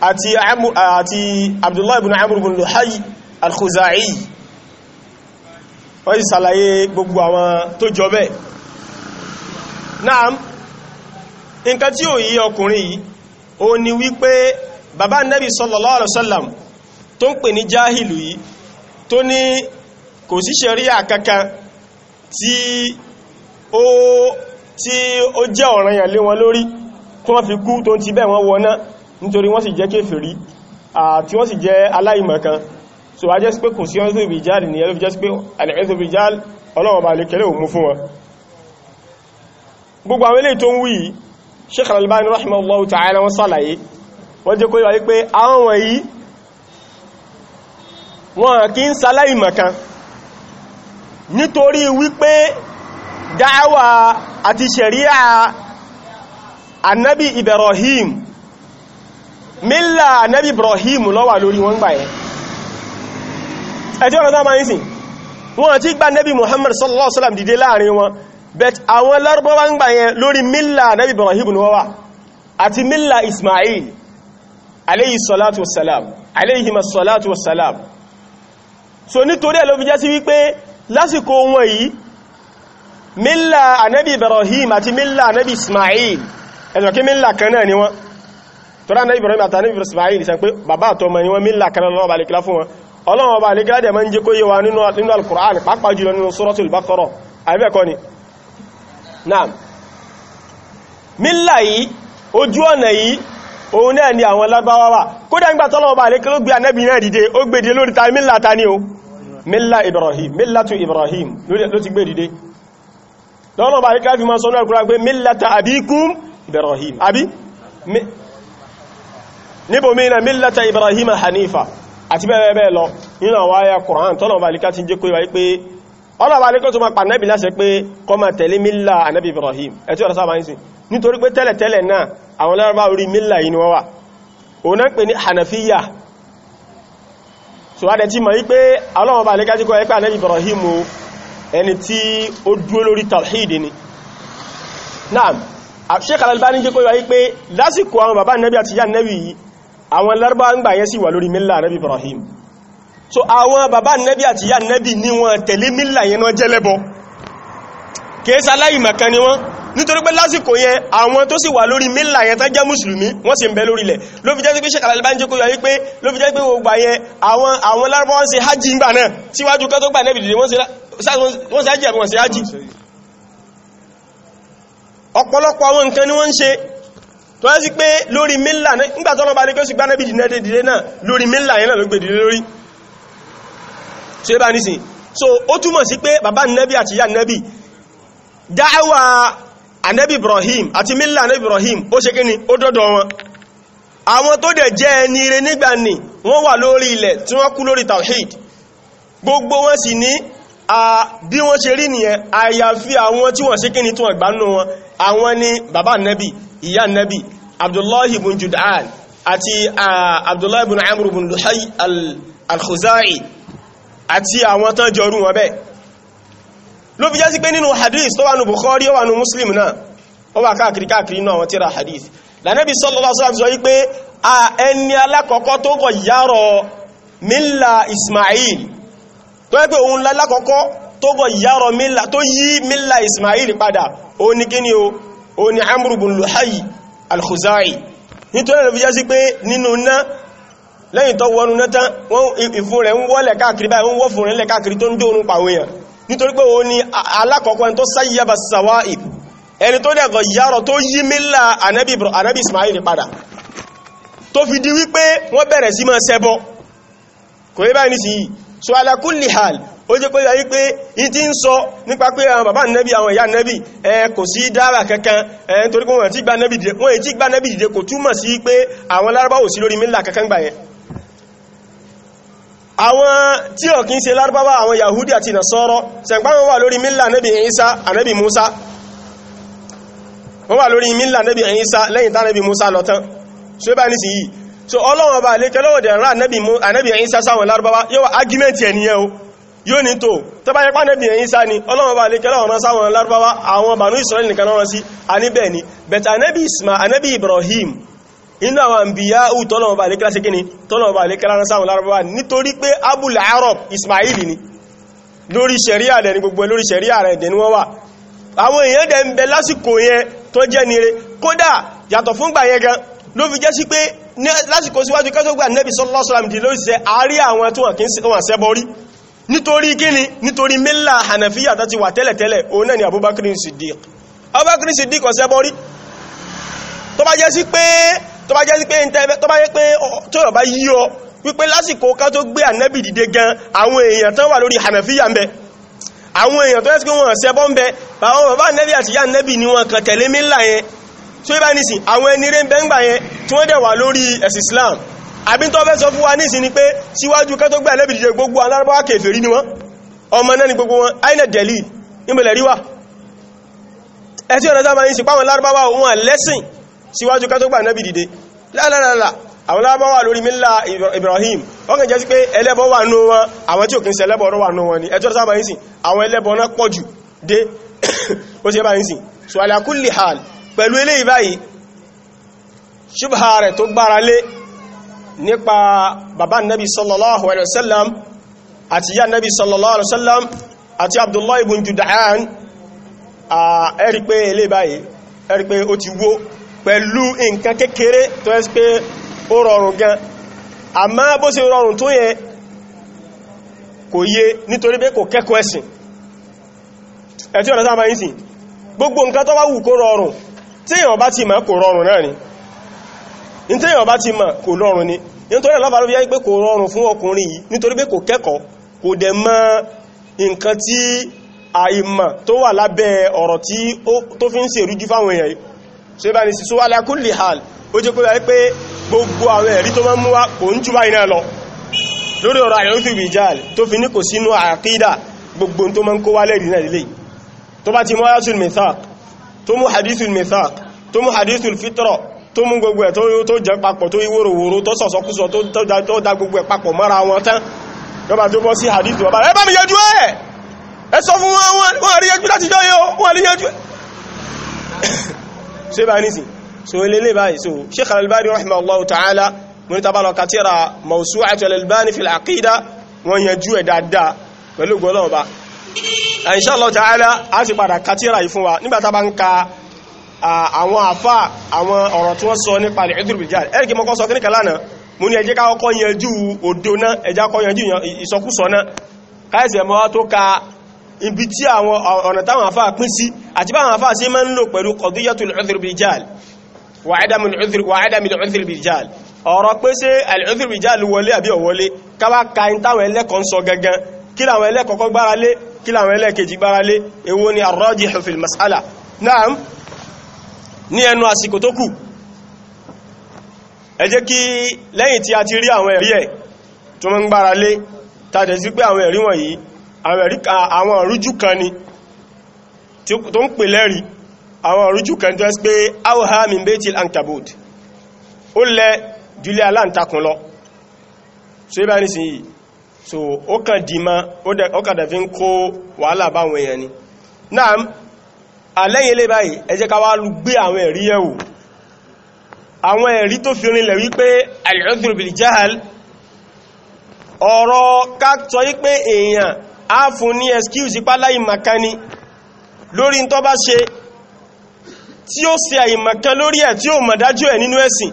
àti àti abdullahi ibn amr ibn luhay al-khuzai wọ́n yí sàlàyé gbogbo àwọn tó jọ bẹ́ẹ̀ náà nǹkan tí ó yí ọkùnrin yìí ó ní wípé bàbá nẹ́bí sallallahu alaihi wasallam tó ń pè ní jáhìlù yìí tó ní kò sí ṣẹ̀ríà kankan tí ó tí ó jẹ́ lé wọn lórí kí wọ́n fi kú tó ti bẹ́ẹ̀ wọ́n wọná nítorí wọ́n sì jẹ́ kéfèrí àti wọ́n sì jẹ́ aláìmọ̀kan so a jẹ́ sí pé kò sí ọ́nà ìbìjáàl ní ẹlọ́fi jẹ́ sí pé alẹ́ẹ̀ẹ́sọ̀ ìbìjáàl ọlọ́wọ̀ bá lè kẹ́lẹ̀ òmú fún wọn gbogbo àwọn eléyìí tó ń wí Sheikh Al-Albani rahimahullahu ta'ala wọ́n sàlàyé wọ́n jẹ́ kó yíwa wípé àwọn wọ̀nyí wọn kí ń saláìmọ̀kan nítorí wípé dáwà àti ṣẹ̀ríà annabi Ibrahim mílà ànábì Ibrahim lọ́wà lórí wọ́n gbà yẹn ẹjọ́ ọ̀rọ̀ sáàmà yìí sìn wọ́n ti gba ànábì Muhammad sallallahu alaihi wasallam dìde láàrin wọn bet àwọn Lárúbáwá ń gbà yẹn lórí mílà ànábì Ibrahim ló wà àti mílà Ismail alayhi salatu wassalam alayhi salatu wassalam so nítorí ẹ̀ ló fi jẹ́ sí wípé lásìkò wọn yìí mílà tọ́lá náà Ibrahim àtàní Ismail sẹ pé bàbá àtọmọ ni wọ́n mílà kan lọ́wọ́ bá lè kílá fún wọn ọlọ́wọ́ bá lè kílá dẹ̀ máa ń jẹ́ kó yé wa nínú al-Qur'an pàápàá jùlọ nínú Suratul Baqarah àbẹ́ẹ̀kọ́ ni naam mílà yìí ojú ọ̀nà yìí òun náà ni àwọn lágbàwà wà kódà nígbà tọ́lọ́wọ́ bá lè kíló gbé anẹ́bì náà dìde níbòmínà millata ibrahim hanifa àti bẹ́ẹ̀ bẹ́ẹ̀ lọ nínú àwọn ayá kùrán tọ́nà balika ti jẹ́ kó ìwà pé ọ̀nà balika tó ma pa nẹ́bì láṣẹ pé kọ́ ma tẹ̀lé mílà anẹ́bì ibrahim ẹ̀tí ọ̀rọ̀ sáà máa ń sìn nítorí pé tẹ́lẹ̀ tẹ́lẹ̀ náà àwọn lárúbá so adẹ̀ ti mọ̀ yí pé ọlọ́wọ́ balika ti kọ́ ẹ pé anẹ́bì ibrahim o ẹni tí ó dúró lórí tawhid ni naam sheikh àti yá nẹ́bì àwọn Lárúbáwá ń gbà yẹn sì wà lórí mílà nẹ́bí Ibrahim so àwọn bàbá nẹ́bí àti ìyá nẹ́bí ní wọn tẹ̀lé mílà yẹn náà jẹ́lẹ́bọ kèésa aláìmọ̀kan ni wọ́n nítorí pé lásìkò yẹn àwọn tó sì wà lórí mílà yẹn tán jẹ́ mùsùlùmí wọ́n sì ń bẹ lórí ilẹ̀ ló fi jẹ́ pé ṣe kàlàlẹ́ bá ń jẹ́ kó yọ wípé ló fi jẹ́ pé gbogbo yẹn àwọn àwọn Lárúbáwá ń ṣe hajj ńgbà náà síwájú kẹ́ tó gbà nẹ́bì dìde wọ́n ṣe hajj àbí wọ́n ṣe hajj ọ̀pọ̀lọpọ̀ àwọn nǹkan ni wọ́n ń ṣe tó yẹ́ sí pé lórí mílà nígbàtọ́nà bá ní kí ó sì gbá nẹ́bí jìnẹ́dẹ̀ dìde náà lórí mílà yẹn náà ló gbé dìde lórí tí ó bá ní sí so ó túmọ̀ sí pé bàbá nẹ́bí àti ìyá nẹ́bí dáẹ́wà anẹ́bí Ibrahim àti mílà anẹ́bí Ibrahim ó ṣe kíni ó dọ́dọ̀ wọn àwọn tó dẹ̀ jẹ́ ẹni ire nígbà ni wọ́n wà lórí ilẹ̀ tí wọ́n kú lórí tawhid gbogbo wọn sì ní bí wọ́n ṣe rí nìyẹn àyàfi àwọn tí wọ́n ṣe kíni tí wọ́n gbánú wọn àwọn ni bàbá nẹ́bí ìyá nabi abdullahi bin jud'an àti abdullahi bin amru bin luhay al-khuzai àti àwọn tán jọrú wọn bẹ́ẹ̀ ló fi jásí pé nínú hadith tó wà ní bukhari ó wà ní muslim náà ó wà káàkiri káàkiri náà wọ́n tíra hadith lànàbí sallallahu alaihi wasallam sọ wípé ẹni alákọ̀ọ́kọ́ tó kọ̀ yárọ̀ mílà ismail tó yẹ pé òun lálákọ̀ọ́kọ́ tó o ni Amru bin Luhay al-Khuzai nítorí lọ fi já sí pé nínú ná lẹ́yìn tó wọnú ná tán wọ́n ìfún rẹ̀ ń wọ́lẹ̀ káàkiri báyìí ń wọ́ fún rẹ̀ lẹ̀ káàkiri tó ń dóorun pàwọn èèyàn nítorí pé o ni alákọ̀ọ́kọ́ ẹni tó sáyẹ́bà sawa'ib ẹni tó ó jẹ́ pé yàí pé in ti ń sọ nípa pé àwọn bàbá nẹ́bí àwọn ìyá nẹ́bí ẹ kò sí dára kankan ẹ torí pé wọ́n ti gba nẹ́bí dìde wọ́n ti gba nẹ́bí dìde kò túmọ̀ sí pé àwọn lárúbáwò sí lórí mílà kankan gbà yẹn àwọn tí ò ń ṣe lárúbáwà àwọn yahudi àti nasọ́rọ́ sẹ̀gbọ́n wọn wà lórí mílà nẹ́bí isa musa wọ́n wà lórí mílà nẹ́bí isa lẹ́yìn tánẹ́bí musa lọ tán so bá ní sí yìí so ọlọ́wọ́n bá lè kẹ́lọ́wọ́dẹ̀ rán ànẹ́bí isa argument ẹ̀ yóò ní tó tó bá yẹpá nẹ́bì ẹ̀yìn sá ni ọlọ́run bá lè kẹ́lá ọ̀rán sáwọn lárúbáwá àwọn bànú Israẹli nìkan rán sí àníbẹ̀ ni bẹ̀tà anẹ́bì Isma anẹ́bì Ibrahim inú àwọn àmbìyà ù tọ́lọ́run bá lè kẹ́lá ṣe kíni tọ́lọ́run bá lè Abul Arab Ismail ni lórí ṣẹ̀ríà rẹ̀ ni gbogbo lórí ṣẹ̀ríà rẹ̀ dẹ̀ ni wọ́n wà àwọn èèyàn dẹ̀ ń bẹ lásìkò yẹn tó jẹ́ nire kódà yàtọ̀ fúngbà yẹn gan ló fi jẹ́ sí pé nítorí kíni nítorí mílà hànàfíyà tó ti wà tẹ́lẹ̀tẹ́lẹ̀ òun náà ni abubakar siddiq abubakar siddiq ọ̀sẹ̀ bọ́rí tó bá jẹ́ sí pé tó bá jẹ́ sí pé tó bá jẹ́ pé tó yọ̀ bá yí ọ wípé lásìkò ká tó gbé ànábì dìde gan àwọn èèyàn tó wà lórí hànàfíyà ń bẹ àwọn èèyàn tó yẹ́ sí pé wọ́n ń bẹ àwọn bàbá ànábì àti ni wọ́n kàn tẹ̀lé mílà yẹn tó islam àbí tó fẹ́ sọ fún wa nísìn ni pé síwájú kẹ́ tó gbà lẹ́bì jíjẹ gbogbo alárúbáwá kèfèrí ni wọ́n ọmọ náà ni gbogbo wọn aina delhi níbẹ̀lẹ̀ ríwà ẹ̀sí ọ̀nà sábà ń sì páwọn alárúbáwá wọn lẹ́sìn síwájú kẹ́ tó gbà lẹ́bì dìde lálàlàlà àwọn Ibrahim wọ́n kàn jẹ́ sí pé ẹlẹ́bọ wà nù wọn àwọn tí ò kí ń ṣẹlẹ́bọ ọ̀rọ̀ wà nù wọn (coughs) hal pẹ̀lú eléyìí báyìí ṣubha tó gbára lé nípa bàbá nabi sallallahu alaihi wasallam àti ya nabi sallallahu alaihi wasallam àti abdullahi ibn juda'an ẹ rí pé ilé báyìí ẹ rí pé ó ti wó pẹ̀lú nǹkan kékeré tó ẹ́ pé ó rọrùn gan àmọ́ bó ṣe rọrùn tó yẹ kò yé nítorí pé kò kẹ́kọ̀ọ́ ẹ̀tí ọ̀nà ní tí èyàn bá ti mọ̀ kò lọ́rùn ni nítorí àlọ́fà ló fi yẹ́ pé kò rọrùn fún ọkùnrin yìí nítorí pé kò kẹ́kọ̀ọ́ kò dẹ̀ mọ̀ nǹkan tí àìmọ̀ tó wà lábẹ́ ọ̀rọ̀ tí tó fi ń ṣe ìrújú fáwọn èèyàn yìí ṣe bá ní sí sówá lákúlì hàl ó jẹ́ pé pé gbogbo àwọn ẹ̀rí tó máa ń múwá kò ń jùbá iná lọ lórí ọ̀rọ̀ àyẹ̀wòfì ìjàl tó fi ní kò sínú àkídà gbogbo tó máa ń kó wá lẹ́rìí tó mú hadithul mithaq tó mú hadithul fitra tó mú gbogbo ẹ̀ tó jẹ́ papọ̀ tó ìwòròwòrò tó sọ̀sọ́kúsọ tó dá gbogbo ẹ̀ papọ̀ mọ́ra wọn tán yọba tó bọ́ sí hadith bàbá ẹ bá mi yẹjú ẹ̀ ẹ sọ fún wọn wọ́n rí yẹjú láti jọ yóò wọ́n rí yẹjú ṣe bá ní sí so ilé báyìí so Sheikh Al-Albani rahimahullahu ta'ala mún tabalọ katira mawsu'at àwọn àfá àwọn ọ̀rọ̀ tí wọ́n sọ nípa al-udhr bil-jahl ẹ̀rìkì mọ́kọ́ sọ kíníkà lánàá mú ní ẹjẹ́ káwọ́kọ́ yanjú òdo náà ẹjẹ́ kọ́ yanjú ìsọkúsọ náà káìsẹ̀ mọ́ tó ka ibi tí àwọn ọ̀nà táwọn àfá pín sí àti báwọn àfá sí máa ń lò pẹ̀lú qadiyatul udhr bil-jahl wa adamul udhr wa adamul udhr bil-jahl ọ̀rọ̀ pé ṣé al-udhr bil-jahl wọlé àbí ọ̀wọlé káwá ka in táwọn ẹlẹ́kọ̀ọ́ sọ gangan kí làwọn ẹlẹ́kọ̀ọ́kọ́ gbára lé kí ni ar-rajihu fil mas'ala naam ní ẹnu àsìkò tó kù ẹ jẹ́ kí lẹ́yìn tí a ti rí àwọn ẹ̀rí ẹ̀ tó mọ́ ń gbára lé tàbí sí pé àwọn ẹ̀rí wọ̀nyí àwọn ọ̀rújú kan ni tó ń pè lẹ́rí àwọn ọ̀rújú kan tó ẹ́sì pé awha min betil ankabut ó lẹ julia aláǹtakùn lọ so ibá ní sí yìí so ó kàn dìímá ó kàdà kó wàhálà báwọn èèyàn ni náà àlẹ́yìn lè báyìí ẹ jẹ́ ká wá gbé àwọn ẹ̀rí yẹ̀wò àwọn ẹ̀rí tó fi rinlẹ̀ wípé al-udhr bil jahl ọ̀rọ̀ káàtọ̀ wípé èèyàn á fún ní excuse ipá láì makani lórí tó bá ṣe tí ó ṣe àìmọ̀kan lórí ẹ̀ tí ó mọ̀ dájú ẹ̀ nínú ẹ̀sìn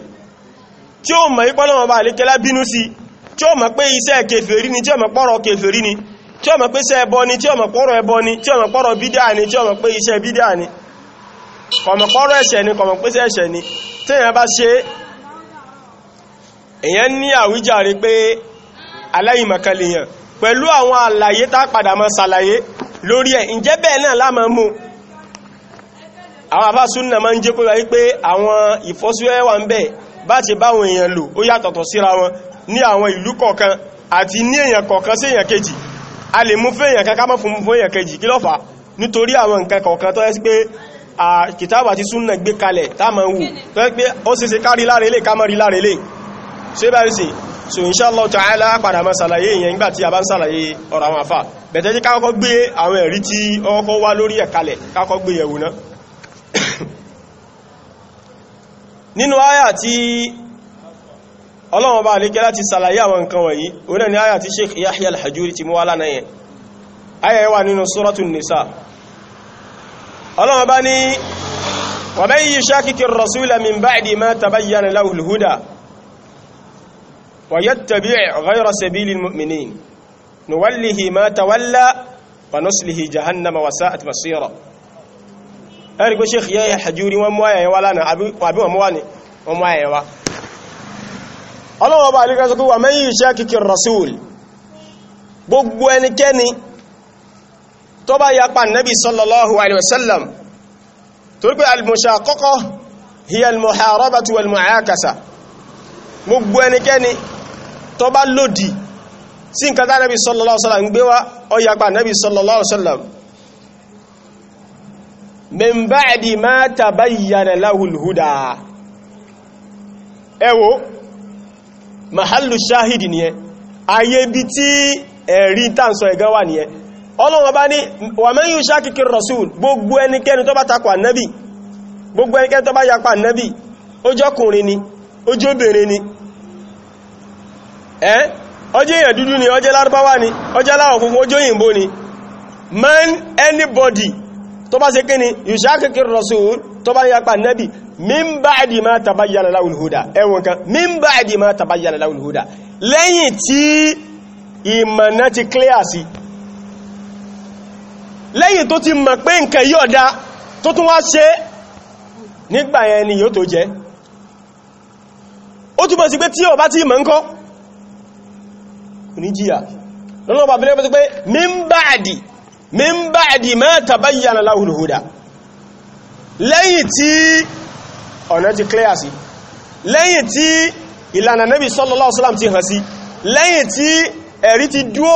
tí ó mọ̀ ipọ́lọ́wọ́ àlékẹ́lá bínú sí tí ó mọ̀ pé iṣẹ́ kèfèrí ni tí ó mọ̀ pọ́rọ̀ kèfèrí ni tí ọmọ pé iṣẹ́ ẹbọ ni tí ọmọ pọ́rọ̀ ẹbọ ni tí ọmọ pọ́rọ̀ bídíà ni tí ọmọ pé iṣẹ́ bídíà ni kọ̀mọ̀ pọ́rọ̀ ẹ̀ṣẹ̀ ni kọ̀mọ̀ pé ẹ̀ṣẹ̀ ni tí èyàn bá ṣe èyàn ní àwíjàre pé aláìmọ̀kẹlèyàn pẹ̀lú àwọn àlàyé tá padà mọ́ ṣàlàyé lórí ẹ̀ ǹjẹ́ bẹ́ẹ̀ náà lámọ́ mú àwọn àfáà súnnà máa ń jẹ́ kó wáyé pé àwọn ìfọ́síwẹ́ wà ń bẹ̀ bá ti báwọn èèyàn lò ó yàtọ̀tọ̀ síra wọn ní àwọn ìlú kọ̀ọ̀kan àti ní èèyàn kọ̀ọ̀kan sí èèyàn kejì a lè mú fẹ́yàn kankan mọ́ fún fẹ́yàn kejì kí ló nítorí àwọn nǹkan kọ̀ọ̀kan tó ẹ́sí pé a kìtàbà ti súnnà gbé kalẹ̀ táàmà wù tó ẹ́ pé ó sì ṣe kárí láre lè kámọ́ ṣe bá rí sí so inshallah ta'ala a bá ń sàlàyé ọ̀rọ̀ àwọn àfà bẹ̀tẹ́ jí kákọ́ gbé àwọn ẹ̀rí tí ọkọ̀ wá lórí ẹ̀ kalẹ̀ kákọ́ gbé yẹ̀wò (coughs) ọlọ́wọ́n bá alékẹ́ láti sàlàyé àwọn nǹkan wọ̀nyí oní ni àyà tí sheikh yahya al-hajuri ti mú wá lánàá yẹn àyà yẹn wà nínú suratul nisa ọlọ́wọ́n bá ní wa man yushaqiqi ar-rasula min ba'di ma tabayyana lahu al-huda wa yattabi' ghayra ọlọ́wọ́ bá alẹ́kẹ́ sọ pé wà mẹ́yìn iṣẹ́ kìkì rasul gbogbo ẹnikẹ́ni tó bá yapa nabi sallallahu alaihi wasallam torí pé al-mushaqqaqa hiya al-muharabatu wal-mu'akasa gbogbo ẹnikẹ́ni tó bá lòdì sí nǹkan min ba'di ma tabayyana lahu al-huda ẹ mahalu shahidi nìyẹn ayé bí tí ẹ̀rí tàǹsọ ẹ̀gán wà nìyẹn ọlọ́run ọba wa man yushakiki rasul gbogbo ẹnikẹ́ni tó bá takò ànábì gbogbo ẹnikẹ́ni tó bá yapa ànábì ojókùnrin ni ojóbìnrin ni ẹ́ ni ọjọ́ ni ọjọ́ aláwọ̀ ni man ni min ba'di ma tabayyana lahul huda ẹwọn kan min ba'di ma tabayyana lahul huda lẹ́yìn tí ìmọ̀nà ti clear sí lẹ́yìn tó ti mọ̀ pé nǹkan yí ọ̀dá tó tún wá ṣe nígbà yẹn ni yóò tó jẹ́ ó túnmọ̀ sí pé tí ó bá ti mọ̀ ńkọ́ kò lọ́nà ọba abúlé pé min ba'di min ba'di ma tabayyana lahul huda lẹ́yìn tí ọ̀nà ti clear sí lẹ́yìn tí ìlànà nẹ́bí sallallahu alaihi wasallam ti hàn sí lẹ́yìn tí ẹ̀rí ti dúó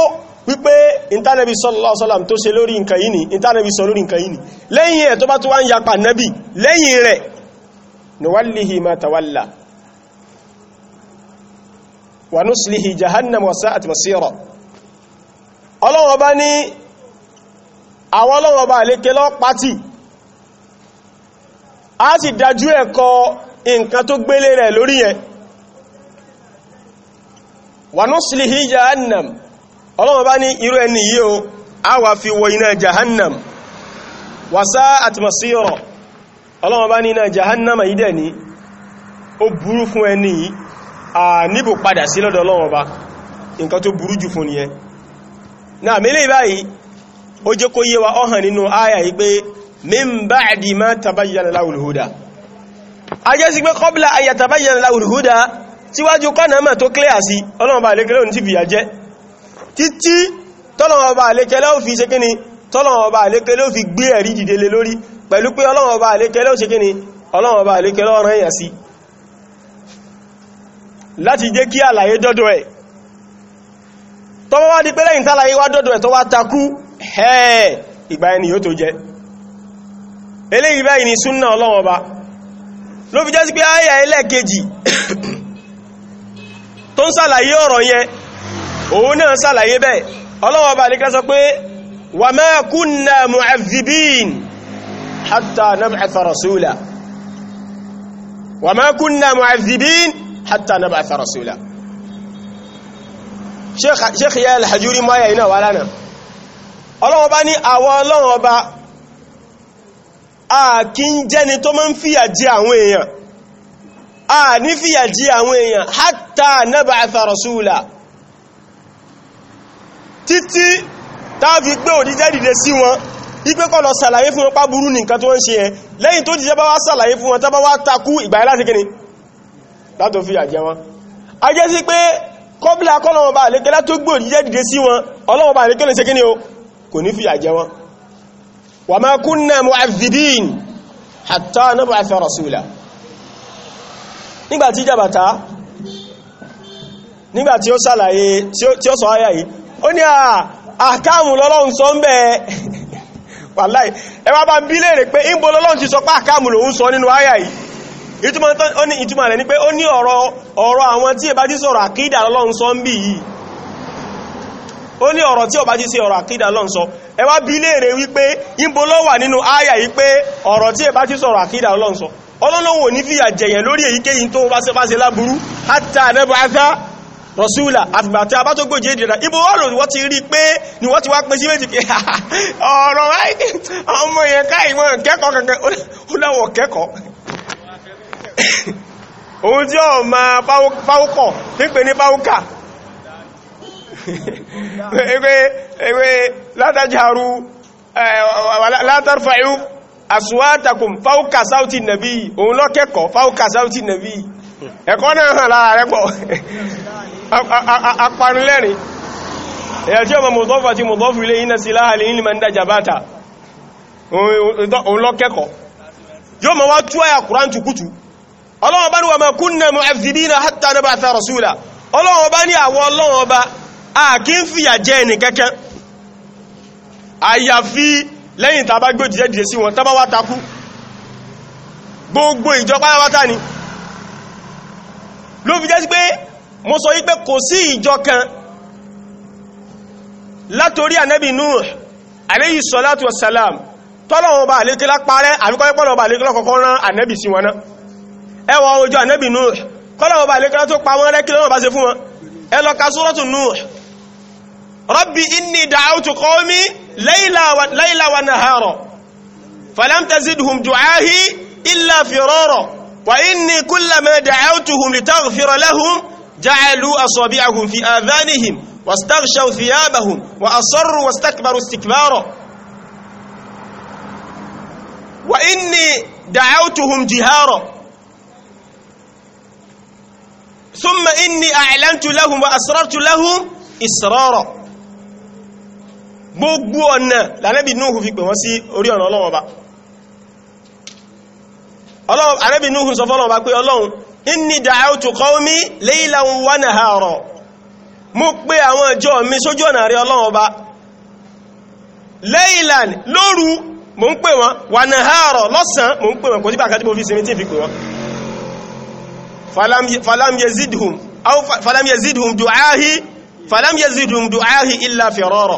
wípé ìntánẹ́bí sallallahu alaihi wasallam tó ṣe lórí nǹkan yìí ni ìntánẹ́bí sọ lórí nǹkan yìí ni lẹ́yìn ẹ̀ tó bá tó wá ń yapa nẹ́bí lẹ́yìn rẹ̀ nuwallihi ma tawalla ọlọ́wọ́ bá ní àwọn ọlọ́wọ́ bá lékelọ́ pátì a sì dájú ẹ̀kọ́ nǹkan tó gbélé rẹ̀ lórí yẹn wa nuslihi jahannam ọlọ́wọ́ bá ní irú ẹni yìí o a wà fi wọ iná jahannam Wasa sa'at ọ̀rọ̀, ọlọ́wọ́ bá ní iná jahannam yìí dẹ̀ ní ó burú fún ẹni yìí a níbò padà sí lọ́dọ̀ ọlọ́wọ́ bá nǹkan tó burú jù fún nìyẹn náà mílẹ̀ báyìí ó jẹ́ kó yé wa ọ̀hàn nínú áyà yìí pé min ba'di ma tabayyana lahu al-huda aje si pé qabla ay tabayyana lahu al-huda tí wájú kona ma tó clear sí Ọlọ́run ba le kele oni ti fi aje títí t'Ọlọ́run ba le kele ó fi ṣe kíni t'Ọlọ́run ba le kele ó fi gbé ẹ̀rí dìde lé lórí pẹ̀lú pé di pé tàlàyé wá dọ́dọ̀ ẹ̀ tó takú ẹ̀ẹ́ ìgbà ẹni yóò tó jẹ́ eléyìí báyìí ni súnnà ọlọ́wọ́ bá ló fi jásí pé ayà ẹlẹ́ẹ̀kejì (coughs) tó ń sàlàyé ọ̀rọ̀ yẹn òun náà sàlàyé bẹ́ẹ̀ ọlọ́wọ́ bá ní ká sọ pé wa ma kunna mu'adhibin hatta nab'atha rasula wa ma kunna mu'adhibin hatta nab'atha rasula sheikh yahya al-hajuri mọ́ ayà iná wà lánàá ọlọ́wọ́ bá ní àwọn ọlọ́wọ́ bá a kì í jẹ́ni tó máa ń fìyà jẹ àwọn èèyàn a ní fìyà jẹ àwọn èèyàn hatta nab'atha rasula títí táàfi pé òdíjẹ́ dìde sí wọn ipé kọ́ lọ sàlàyé fún wọn pá burú ní nǹkan tó ń ṣe ẹ lẹ́yìn tó jíjẹ́ bá wá sàlàyé fún wọn tábá wá takú ìgbà láti kíni látò o kò ní fìyà wa ma kunna mu'azzibin hatta nab'atha rasula nígbàtí jàbàtá nígbàtí ó sàlàyé tí ó sọ ayá yìí ó ní àkáàmù lọ́lọ́run sọ ń bẹ́ (laughs) wàláì ẹwà bá ń bí lèrè pé ìbò lọ́lọ́run ti sọ pé àkáàmù lòun sọ nínú ayá yìí ìtumọ̀ rẹ̀ ni pé ó ní ọ̀rọ̀ àwọn tí ìbá ti sọ̀rọ̀ àkídà lọ́lọ́run sọ ń bí yìí ó ní ọ̀rọ̀ tí ọba ti sí ọ̀rọ̀ àkídà lọ́lọ́run sọ ẹ wá bi léèrè wípé ìbò lọ́wà nínú àyà yìí pé ọ̀rọ̀ tí ẹ bá ti sọ̀rọ̀ àkídà Ọlọ́run sọ Ọlọ́run ò ní fìyà jẹ̀yàn lórí èyíkéyìí tó bá ṣe bá tí ni wọ́n ti wá pín sí méjì pé ọ̀rọ̀ ọmọ èèyàn káì wọ́n kẹ́kọ̀ọ́ kankan ó láwọ̀ kẹ́kọ̀ọ́ òun ọ̀ máa páwókọ̀ pípẹ́ ní páwókà ewé látàjárú látàrfàíú aswatakum fáúkà sáútì nàbí òun lọ́kẹ́kọ̀ọ́ fáúkà sáútì nàbí ẹ̀kọ́ náà hàn lára rẹ̀ pọ̀ apanilẹ́rin ẹ̀yà tí ọmọ mọ̀dọ́fà ti mọ̀dọ́fà ilé iná sí láhàlì ní ma ń dájà báta òun lọ́kẹ́kọ̀ọ́ yóò mọ̀ wá tú àyà kùrán tukutu ọlọ́wọ́ bá ní wà máa kunna mu'adhibina hatta nab'atha rasula ọlọ́wọ́ bá ní àwọn ọlọ́wọ́ bá a kì ń fìyà jẹ ẹni kẹ́kẹ́ àyàfi lẹ́yìn tá a bá gbòjìjẹ́ dìde sí wọn tábá wá takú gbogbo ìjọba wátá ni ló fi jẹ́ sí pé mo sọ yí pé kò sí ìjọ kan látorí ànábì Nuh alayhi salatu wassalam tọ́lọ̀wọ̀n bá àlékélá parẹ́ àríkọ́lẹ́pọ̀lọ̀ bá àlékélá pa wọ́n rẹ́ kí lọ́wọ́ bá ṣe fún wọn ربي إني دعوت قومي ليلا و... ليلا ونهارا فلم تزدهم دعائي إلا فرارا وإني كلما دعوتهم لتغفر لهم جعلوا أصابعهم في آذانهم واستغشوا ثيابهم وأصروا واستكبروا استكبارا وإني دعوتهم جهارا ثم إني أعلنت لهم وأسررت لهم إسرارا gbogbo ọ̀nà lànẹ́bì núhù fi pè wọ́n sí orí ọ̀nà ọlọ́wọ́ bá ànẹ́bì núhù sọ fọ́lọ́wọ́ bá pé ọlọ́run inni da'awtu qawmi laylan wa nahara mo pé àwọn ìjọ mi sójú ọ̀nà rí ọlọ́wọ́ bá laylan lóru mo ń pè wọ́n wa nahara lọ́sàn mo ń pè wọ́n kò sí pàkàtí mo fi sinmi tí fi du'ahi falam yazidhum du'ahi illa firara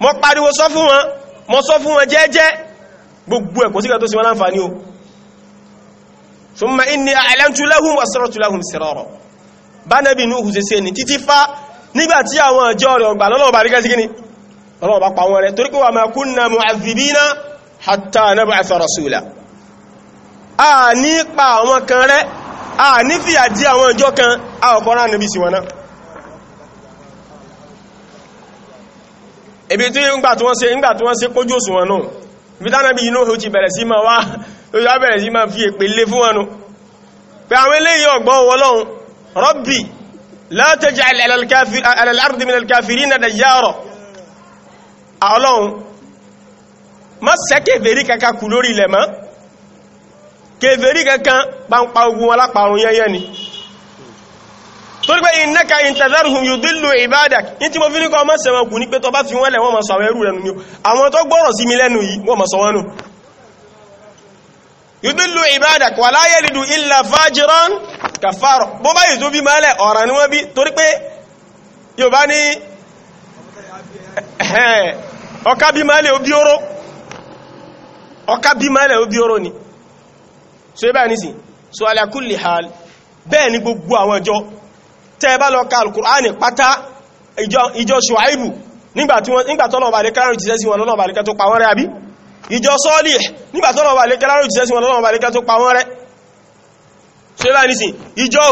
mo pariwo sọ fún wọn mo sọ fún wọn jẹ́jẹ́ gbogbo ẹ̀kọ́ síkà tó sí wọn láǹfààní o summa inni a'lamtu lahum wa asrartu lahum sirara bánẹ́bì ní òhùsẹ̀ sí ẹni títí fá nígbàtí àwọn ọjọ́ rẹ̀ ọgbà lọ́lọ́wọ́ bá rí gẹ́sí gíní lọ́lọ́wọ́ bá pàwọn rẹ̀ torí kí wà máa kunna mu'adhibina kan àwọn ọjọ́ kan wọn náà ebi tí ńgbà tí wọ́n ṣe ńgbà tí wọ́n ṣe kójú òsùnwọ̀n náà ibi tánà bí inú òjì bẹ̀rẹ̀ sí ma wá tó yá bẹ̀rẹ̀ sí ma fi èpè lé fún wọn pé àwọn eléyìí ọgbọ́n wọlọ́run Rabbi la taj'al torí pé innaka in tadharhum yudillu ibadak ní tí mo fi ní kọ́ mọ́sẹ̀ wọn kù ní pé tó bá fi wọ́n lẹ̀ wọ́n mọ̀ sọ àwọn ẹrú rẹnu ni àwọn tó gbọ́rọ̀ sí mi lẹ́nu yìí wọ́n mọ̀ sọ wọn nù kafaro bó bá yìí tó bí mọ́lẹ̀ ọ̀ràn ni wọ́n bí torí pé yóò bá ní ọká bí mọ́lẹ̀ ó bí oró ọká bí hal bẹ́ẹ̀ ni gbogbo àwọn ọjọ́ tẹ́ bá lọ ka alkùránì pátá ìjọ ṣùháìbù nígbàtọ́nà ọba àlékẹ́lárò jíṣẹ́ sí wọn lọ́nà ọba àlékẹ́ tó pa wọ́n rẹ́ àbí ìjọ sọ́ọ̀lì nígbàtọ́nà ọba àlékẹ́lárò jíṣẹ́ sí wọn lọ́nà ọba àlékẹ́ tó pa wọ́n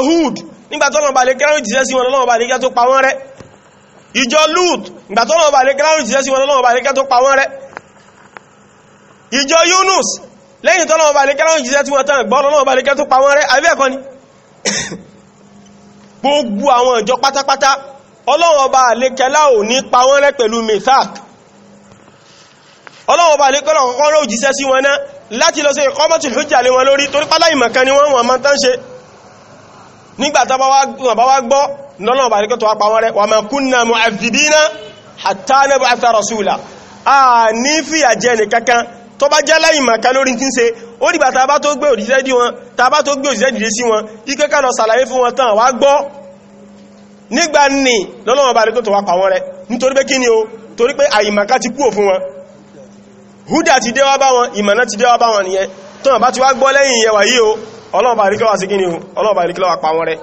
Hud nígbàtọ́nà ọba àlékẹ́lárò jíṣẹ́ sí wọn lọ́nà ọba àlékẹ́ tó pa wọ́n rẹ́ ìjọ Lut nígbàtọ́nà ọba àlékẹ́lárò jíṣẹ́ sí wọn lọ́nà ọba àlékẹ́ tó pa wọ́n rẹ́ ìjọ Yunus lẹ́yìn tọ́nà ọba àlékẹ́lárò jíṣẹ́ sí wọn ni gbogbo àwọn ìjọ pátápátá ọlọ́run ọba àlékẹ́lá ò ní pa wọ́n rẹ́ pẹ̀lú mithaq ọlọ́run ọba àlékẹ́lá kọ́kọ́ rẹ̀ òjíṣẹ́ sí wọn náà láti lọ sí iqamatul hujja lé wọn lórí torí pálá ìmọ̀kan ni wọ́n wọ́n máa tán ṣe nígbàtá bá wá gbọ́ lọ́lọ́run ọba àlékẹ́ tó wá pa wọ́n rasula a ní fìyà jẹ́ nìkankan tó bá jẹ́ láìmọ̀kan ó dìgbà tàbá tó gbé òdìṣẹ́ dí wọn tàbá tó gbé òdìṣẹ́ dìde sí wọn ikẹ́ ká lọ sàlàyé fún wọn tán wá gbọ́ nígbà ní lọ́lọ́wọ́ bá rí tó wà pàwọn rẹ̀ nítorí pé kí ni o torí pé àìmàká ti kúò fún wọn o ọlọ́wọ́ bá rí kí o ọlọ́wọ́ bá rí kí wá pàwọn rẹ̀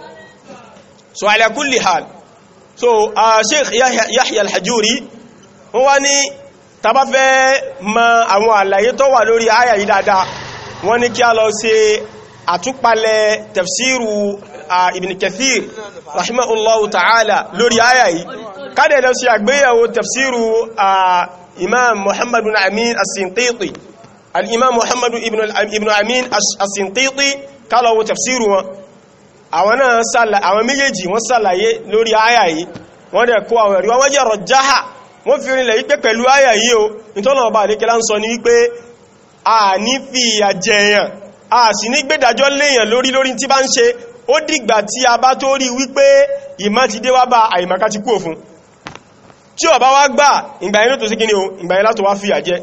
hal so uh, Sheikh Yahya, Yahya al-Hajuri wọ́n wá ní tàbá fẹ́ mọ àwọn àlàyé tó wà lórí àyà dáadáa wọ́n ní kí a lọ ṣe àtúpalẹ̀ tafsiru ibn kathir rahimahullahu ta'ala lórí àyà yìí kádẹ̀ lọ sí àgbéyàwó tafsiru imam muhammadu amin as-sintiti al-imam muhammadu ibn amin as-sintiti kálọ̀wó tafsiru wọn àwọn náà sàlà àwọn méjèèjì wọ́n sàlàyé lórí àyà yìí wọ́n dẹ̀ kó àwọn ẹ̀rí wọ́n jẹ́ rọjáhà wọ́n fi rinlẹ̀ wípé pẹ̀lú àyà yìí o nítọ́nà ọba àdékẹ́lá ń sọ ní wípé a ní fi ìyà jẹ èèyàn a sì ní gbẹ́dàjọ́ léèyàn lórí lórí tí bá ń ṣe ó dìgbà tí a bá tó rí wípé ìmọ̀ ti dé wá bá àìmọ̀ká ti kú òfun tí ó bá wá gbà ìgbà ni o ìgbà yẹn látò wá fi ìyà jẹ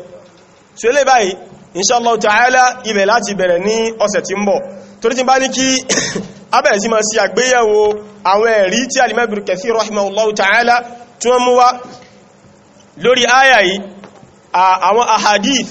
so ilé báyìí inshallah ta'ala ibẹ̀ láti bẹ̀rẹ̀ ní ọ̀sẹ̀ tí ń bọ̀ torí ti bá (coughs) lórí áyà àwọn ahadith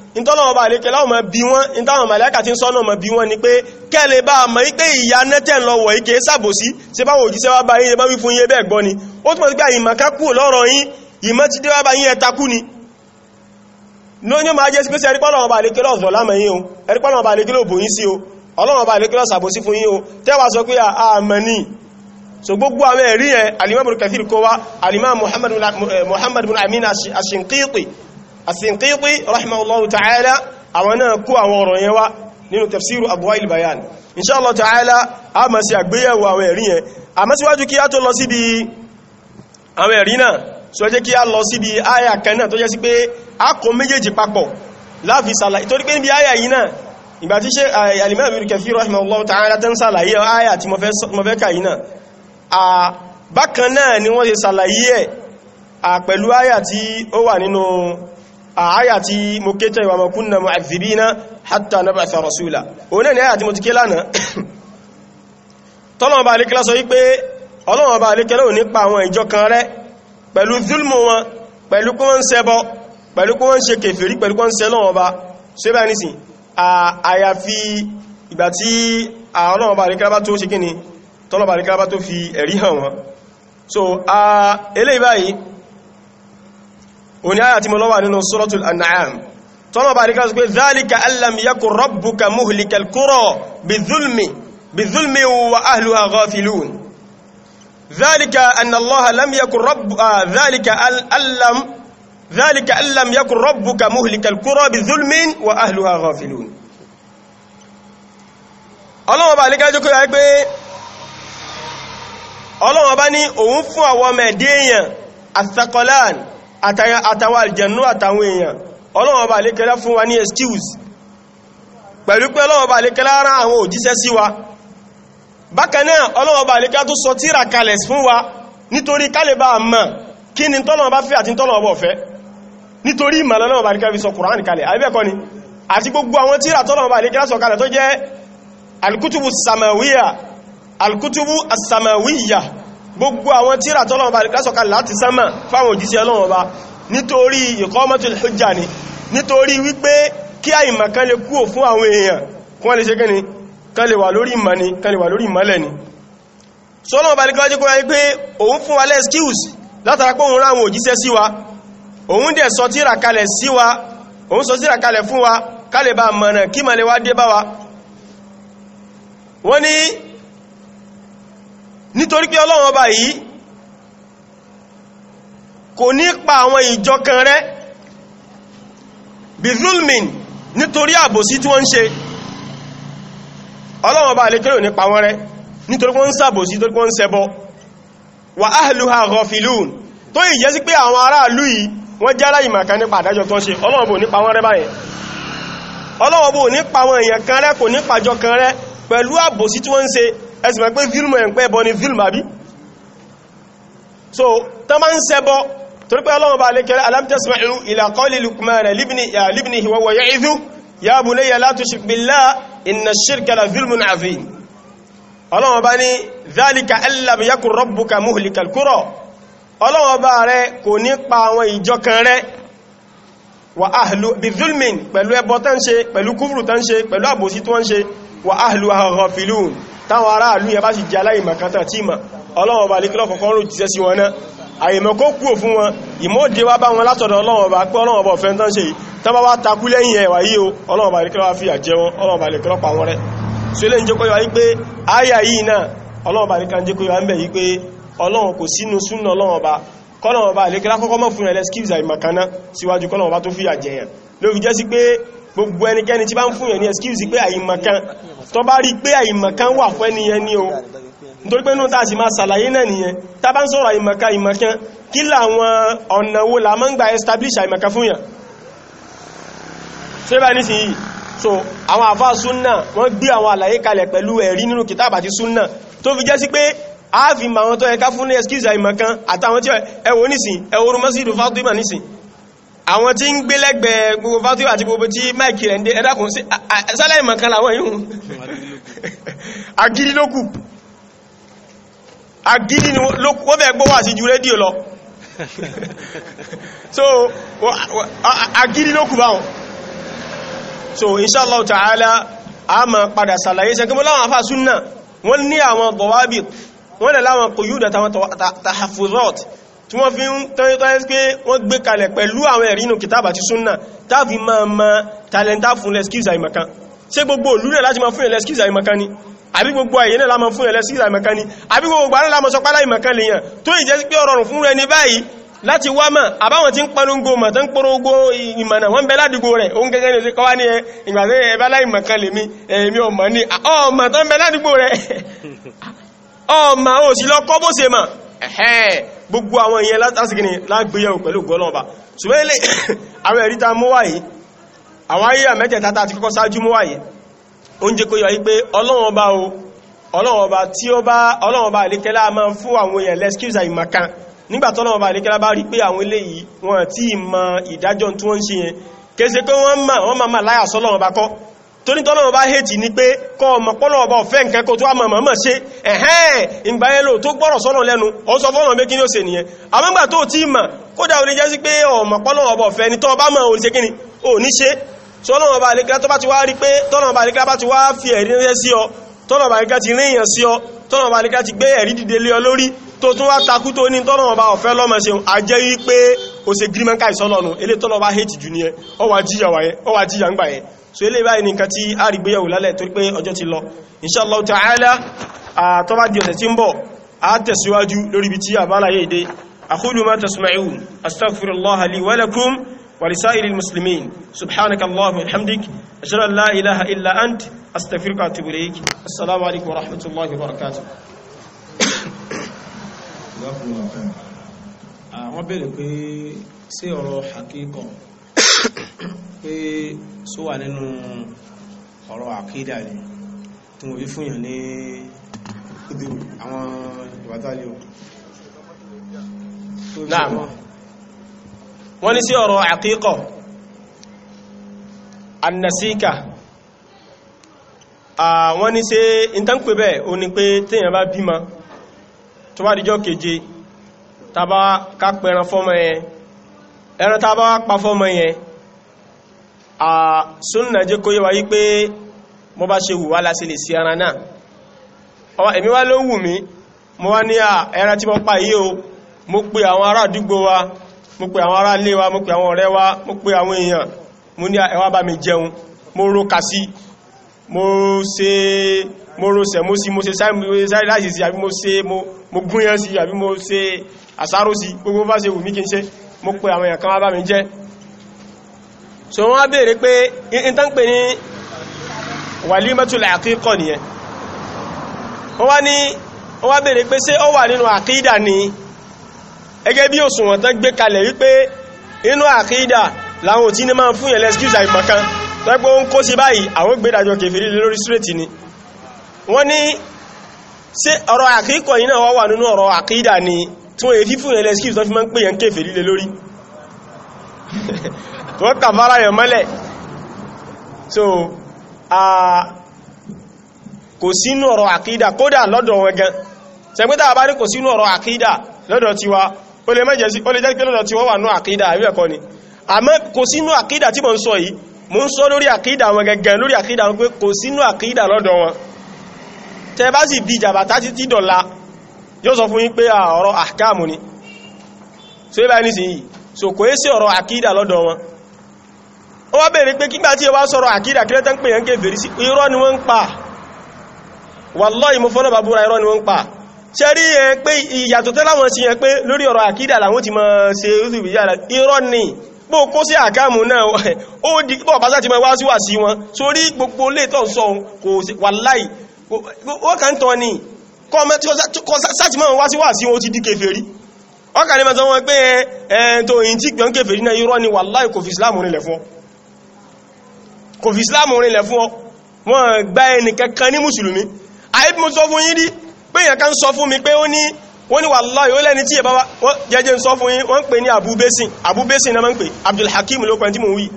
ìtọ́lọ̀wọ̀ bá lékẹ́ láwọn ma bí wọ́n ìtàwọn màláíkà tí ń sọ́nà ma bí wọ́n ni pé kẹ́lẹ̀ bá mọ̀ ipé ìyá nẹ́tẹ̀ lọ́wọ́ ike sàbòsí ṣe báwọn òjíṣẹ́ wá bá yíyẹ bá wí fún yíyẹ bẹ́ẹ̀ gbọ́ ni ó túnmọ̀ sí pé àyìmọ̀ká kú lọ́rọ̀ yín ìmọ̀ ti dé wá o ẹrípọ́lọ̀wọ̀ bá lékẹ́ o ọlọ́wọ̀ bá lékẹ́ o tẹ́wàá sọ pé so gbogbo àwọn ẹ̀rí yẹn alimam Kathir alimam Muhammad bin Amin Ashinqiti as-Sinqiti rahimahullahu ta'ala àwọn náà kó àwọn ọ̀rọ̀ yẹn wá nínú tafsiru Abwail Bayan insha Allah ta'ala a máa ṣe àgbéyẹ̀wò àwọn ẹ̀rí yẹn àmọ́ síwájú kí a tó lọ síbi àwọn ẹ̀rí náà so jẹ́ kí a lọ síbi àyà kan náà tó jẹ́ sí pé a kó méjèèjì papọ̀ láfi sàlàyé torí pé níbi àáyà tí mo ké tẹ́ ìwàmọ̀ kúnnà mọ̀ àzìbínà hatta na bá sàrọ̀súlà òun náà ni àyà tí mo ti ké lánàá (coughs) tọ́lọ̀wọ̀ bá alékẹ́lá sọ wípé ọlọ́wọ̀ bá alékẹ́lá ò nípa àwọn ìjọ kan rẹ̀ pẹ̀lú zulmù wọn pẹ̀lú kó ń ṣẹbọ pẹ̀lú kó ń ṣe kèfèrí pẹ̀lú kó ń ṣe lọ́wọ́ so eléyìí báyìí òní àyà tí mo lọ́wà nínú suratul an'am tọ́nà bá ríkà pé dhalika allam yakun rabbuka muhlikal qura bizulmi bizulmi wa ahluha ghafilun dhalika anna allaha lam yakun rabbu dhalika ah, allam dhalika allam yakun rabbuka muhlikal qura bizulmin wa ahluha ghafilun ọlọ́wọ́ bá ríkà jókòó yá ọlọ́wọ́ bá ní òun fún àwọn àtàwọn àlìjẹ̀nú àtàwọn èèyàn ọlọ́wọ́n bá lékẹ́lá fún wa ní excuse pẹ̀lú pé ọlọ́wọ́n bá lékẹ́lá rán àwọn òjíṣẹ́ sí wa bákan náà ọlọ́wọ́n bá lékẹ́lá tó sọ tírà kalẹ̀ fún wa nítorí kálẹ̀bá mọ̀ kí ni tọ́lọ́wọ́n bá fẹ́ àti tọ́lọ́wọ́n bọ̀ fẹ́ nítorí ìmọ̀lọ́wọ́n bá lékẹ́lá fi sọ Kùránì kalẹ̀ àbẹ́ẹ̀kọ́ ni àti gbogbo àwọn tíra tọ́lọ́wọ́ bá lásọ̀kà láti sánmà fáwọn òjíṣẹ́ ọlọ́wọ́ bá nítorí iqamatul hujja ni nítorí wípé kí àìmà kan lè kúò fún àwọn èèyàn kí wọ́n lè ṣe kíni kan lè wà lórí ìmọ̀ ni kan lè wà lórí ìmọ̀lẹ̀ ni sọ́lọ́wọ́ bá wa lẹ́skíùs látara pé òun rán àwọn òjíṣẹ́ sí wa òun dẹ̀ sọ tíra kalẹ̀ sí wa òun sọ tíra kalẹ̀ fún wa kálẹ̀ nítorí pé ọlọ́run ọba yìí kò ní pa àwọn ìjọ kan rẹ́ bizulmin nítorí àbòsí tí wọ́n ń ṣe ọlọ́run ọba àlékèrè ò ní pa wọ́n rẹ́ nítorí wọ́n ń ṣàbòsí torí wọ́n ń ṣẹbọ wà áhìlúhà rọ̀fìlún tó ìjẹ́ sí pé àwọn aráàlú yìí wọ́n jára ìmàkan nípa àdájọ́ tó ṣe ọlọ́run ọba ò ní pa wọ́n rẹ́ báyẹn ọlọ́run ọba ò ní pa wọn èèyàn kan rẹ́ kò ní pàjọ ẹsìmọ̀ pé fílmù ẹ̀ ń pẹ́ bọ́ ni fílmù àbí so tán bá ń sẹ́bọ́ torí pé ọlọ́run bá lè kẹrẹ alam tasma'u ila qawli Luqman libnihi wa huwa ya'idhu ya bunayya la tushrik billah inna ash-shirka la zulmun 'azim ọlọ́run bá ní dhalika allam yakun rabbuka muhlikal qura ọlọ́run bá rẹ kò ní pa àwọn ìjọ kan rẹ wa ahlu bi zulmin pẹ̀lú ẹbọ tán ṣe pẹ̀lú kúfùrù tán ṣe pẹ̀lú àbòsí tó ń ṣe wa ahluha ghafilun táwọn ará ìlú yẹn bá sì jẹ́ aláìmọ̀kántà tí ma ọlọ́wọ́ bá lékílọ́ kọ̀kan rò jíṣẹ́ sí wọn náà àìmọ̀ kó kúrò fún wọn ìmọ́dé wá bá wọn látọ̀dọ̀ ọlọ́wọ́ bá pẹ́ ọlọ́wọ́ bá fẹ́ntán ṣe tán bá wá takú lẹ́yìn ẹ̀wà yìí o ọlọ́wọ́ bá lékílọ́ wá fìyà jẹ wọn ọlọ́wọ́ bá lékílọ́ pa wọn rẹ́ so ilé ìjọkọ́ yọ wípé àyà yìí náà ọlọ́wọ́ bá lékílọ́ jẹ́ kó yọ wípé wípé ọlọ́wọ́ kò sínú súnà ọlọ́wọ́ gbogbo ẹnikẹ́ni tí bá ń fún yẹn ní excuse pé àìmọ̀kan tó bá rí pé àìmọ̀kan wà fún ẹniyẹn ní o nítorí pé nóòtà sí máa sàlàyé náà nìyẹn tá bá ń sọ̀rọ̀ àìmọ̀kan àìmọ̀kan kí làwọn ọ̀nà wo la máa ń gba establish àìmọ̀kan fún yẹn ṣé yìí so àwọn àfá súnnà wọ́n gbé àwọn àlàyé kalẹ̀ pẹ̀lú ẹ̀rí a fi ma wọn tó ẹka fún ní excuse àìmọ̀kan àtàwọn tí ẹwọ àwọn tí ń gbé lẹ́gbẹ̀ẹ́ gbogbo fátí àti gbogbo tí máìkì rẹ̀ ń dé ẹ̀dàkùn sí sálẹ̀ ìmọ̀kan làwọn yíò (laughs) agídí ló kù agídí ni ó fẹ́ gbówà sí ju rédíò lọ (laughs) so agídí ló kù báwọn so inshallah ta'ala a ma padà sàlàyé sẹ́kí mọ́ láwọn afásún náà wọ́n ní àwọn dọ̀wábì wọ́n lẹ̀ láwọn kòyúdà tàwọn tàhàfúzọ́tì tí wọ́n fi ń tọ́yí tọ́yí pé wọ́n gbé kalẹ̀ pẹ̀lú àwọn ẹ̀rí inú kìtàbà ti súnnà tàbí máa ma talenta fún lẹ́skíz àìmọ̀kan ṣé gbogbo òlú rẹ̀ láti máa fún lẹ́skíz àìmọ̀kan ni àbí gbogbo àyè náà lámọ fún lẹ́skíz àìmọ̀kan ni àbí gbogbo àrẹ́ lámọ sọ pálá ìmọ̀kan lèyàn tó ìjẹ́ pé ọ̀rọ̀rùn fún rẹ ní báyìí láti wá mọ̀ àbáwọn tí ń polongo mọ̀ tó ń polongo ìmọ̀nà wọ́n bẹ ládùgbò rẹ̀ oún gẹ́gẹ́ ní oṣù kọwá ní ìgbàtí ẹbá láìmọ̀kan lè mi èmi ọmọ ní ọmọ tó ń bẹ ládùgbò rẹ̀ ọmọ (laughs) òsì bó ṣe mọ̀ gbogbo àwọn ìyẹn látàsìkì ní lágbéyẹ̀wò pẹ̀lú gọ́lọ́ọ̀bá ṣùgbọ́n ilé (coughs) àwọn ẹ̀ríta mọ́wàáyí àwọn ayéyà mẹ́tẹ̀ẹ̀ta tàbí kọ́kọ́ sáájú mọ́wàáyí oúnjẹ kó yọ wípé o ọlọ́wọ́ba tí ó bá ọlọ́wọ́ba àlékẹ́lá máa ń fún àwọn èèyàn lẹ́skíùs àìmọ̀kan nígbà tọ́lọ́wọ́ba àlékẹ́lá bá rí pé àwọn eléyìí wọn tí ì mọ ìdájọ́ torí tọ́lọ́wọ́ bá hẹ́jì ní pé kọ́ ọmọ pọ́lọ́wọ́ bá ọ̀fẹ́ nǹkan kò tó àmọ̀ mọ̀ ṣe ẹ̀hẹ́n ìgbàyẹ̀lò tó gbọ́rọ̀ sọ́nà lẹ́nu ọsọ fọ́nà mékí ní ó ṣe nìyẹn àmọ́gbà tó tí mà kódà orí jẹ́ sí pé ọmọ pọ́lọ́wọ́ bá ọ̀fẹ́ ní tọ́ bá mọ̀ oníṣe kíni ò ní ṣe sọ́lọ́wọ́ bá àlékà tó bá ti wá rí pé tọ́lọ́wọ́ bá àlékà bá ti wá fi ẹ̀rí rẹ́ sí ọ tọ́lọ́wọ́ bá àlékà ti rí èèyàn sí ọ tọ́lọ́wọ́ bá àlékà ti gbé ẹ̀rí dìde lé takú tó ní tọ́lọ́wọ́ bá ọ̀fẹ́ lọ́mọ ṣeun àjẹ́ wí pé ó ṣe gírímọ́ká ìsọ́lọ́nu elé tọ́lọ́wọ́ bá hẹ́tì jù ní ẹ ọwà jíyà ń gbà so ilé báyìí nìkan tí a rí gbéyàwó lálẹ́ torí pé ọjọ́ ti lọ inshallah ta'ala tó bá di ọ̀sẹ̀ tí ń bọ̀ a tẹ̀síwájú lórí ibi tí àbálà yé dé aqulu ma tasma'un astaghfirullaha li wa lakum wa lisairil muslimin subhanaka allahumma wa bihamdik ashhadu an la ilaha wọ́n bèèrè pé sí ọ̀rọ̀ hakíkọ̀ (coughs) pé só wà nínú ọ̀rọ̀ àkídà ni tí mo fi fúnyàn ní àwọn o wọ́n ní sí ọ̀rọ̀ àkíkọ̀ wọ́n sí bẹ́ẹ̀ o pé bá bímọ tó keje tàbá ká fọ́mọ yẹn ẹran tàbá pa fọ́mọ yẹn a súnnà jẹ́ kó yé wa yí pé mo bá ṣe hùwá láti lè sí ara náà ọwá èmi wá ló wù mí mo wá ní ẹran tí mo pa yìí o mo pe àwọn ará àdúgbò wa mo pe àwọn ará ilé wa mo pe àwọn ọ̀rẹ́ wa mo pe àwọn èèyàn mo ní ẹ bá mi jẹun mo ro kàsí mo ṣe mo ro sẹ̀mó sí mo ṣe sáré láìsí sí àbí mo ṣe mo gúnyán sí àbí mo ṣe àsáró sí gbogbo bá ṣe wù mí kí n ṣe mo pe àwọn èèyàn kan wá bá mi jẹ so wọ́n á bèèrè pé in tán pè ní wàlímẹ́tùlẹ̀ àkíkọ̀ nìyẹn wọ́n wá ní wọ́n wá bèèrè pé ṣé ó wà nínú àkídà ni ẹgẹ́ bí òṣùwọ̀n tán gbé kalẹ̀ wípé inú àkídà láwọn òtí ní máa fún yẹn lẹ́skúsà ìmọ̀kan tọ́pẹ́ ó ń kó sí báyìí àwọn gbédàjọ kèfèrí lórí súrètì ni wọ́n ní ṣé ọ̀rọ̀ àkíkọ̀ yìí náà wà nínú ọ̀rọ̀ àkídà ni tí wọ́n yẹ fífún yẹn lẹ́skúsà fi máa ń pè yẹn kèfèrí lórí (laughs) tí wọ́n kàfàrà yàn mọ́lẹ̀ so kò sínú ọ̀rọ̀ àkídà kódà lọ́dọ̀ wọn gan sẹgbẹ́ta bá ní kò sínú ọ̀rọ̀ àkídà lọ́dọ̀ tiwa ó lè mẹ́jẹ̀ sí ó lè jẹ́ pé lọ́dọ̀ tiwa wà ní àkídà àbí ẹ̀kọ́ ni àmọ́ kò sínú àkídà tí mo ń sọ yìí mo ń sọ lórí àkídà wọn gẹ́gẹ́ lórí àkídà wọn pé kò sínú àkídà lọ́dọ̀ wọn tẹ bá sì bí jàbàtà títí dọ̀la yóò sọ fún yín pé ọ̀rọ̀ àkáàmù ni so ibà ní sí yìí so kò é sí ọ̀rọ̀ àkídà lọ́dọ̀ wọn ó wá bèèrè pé kígbà tí ẹ wá sọ̀rọ̀ àkídà kílẹ̀ tán pè yẹn kèfèrí sí irọ́ ni wọ́n ń pa wallahi mo fọ́nà bàbúra irọ́ ni wọ́n ń pa ṣe rí ẹ pé ìyàtọ̀ tẹ́lá wọn sí yẹn pé lórí ọ̀rọ̀ àkídà làwọn ti mọ̀ ṣe youtube yára irọ́ ni bó kó sí àkáàmù náà (laughs) ó di pọ̀ bá sáti mọ̀ wá sí wà sí wọn sórí gbogbo lè tọ̀ sọ kò sí wallahi ó kàn tọ́ ni kọ́ sáti mọ̀ wá sí wà sí wọn ó ti di kèfèrí ọkà ni mọ̀ sọ wọn pé ẹ̀ tó ìyìn tí gbọ́n kèfèrí náà irọ́ ni wallahi kò fi islam nílẹ̀ fún ọ kò fi islam rinlẹ̀ fún ọ wọ́n gba ẹni kankan ní mùsùlùmí àyíkú mo sọ fún yín rí pé èèyàn kan sọ fún mi pé ó ní wọ́n ní wàláhì ó lẹ́ni tí ìbá wọ́n jẹ́jẹ́ sọ fún yín wọ́n pè ní àbúbésìn àbúbésìn náà máa ń pè abdulhakim ló kọjá tí mo wí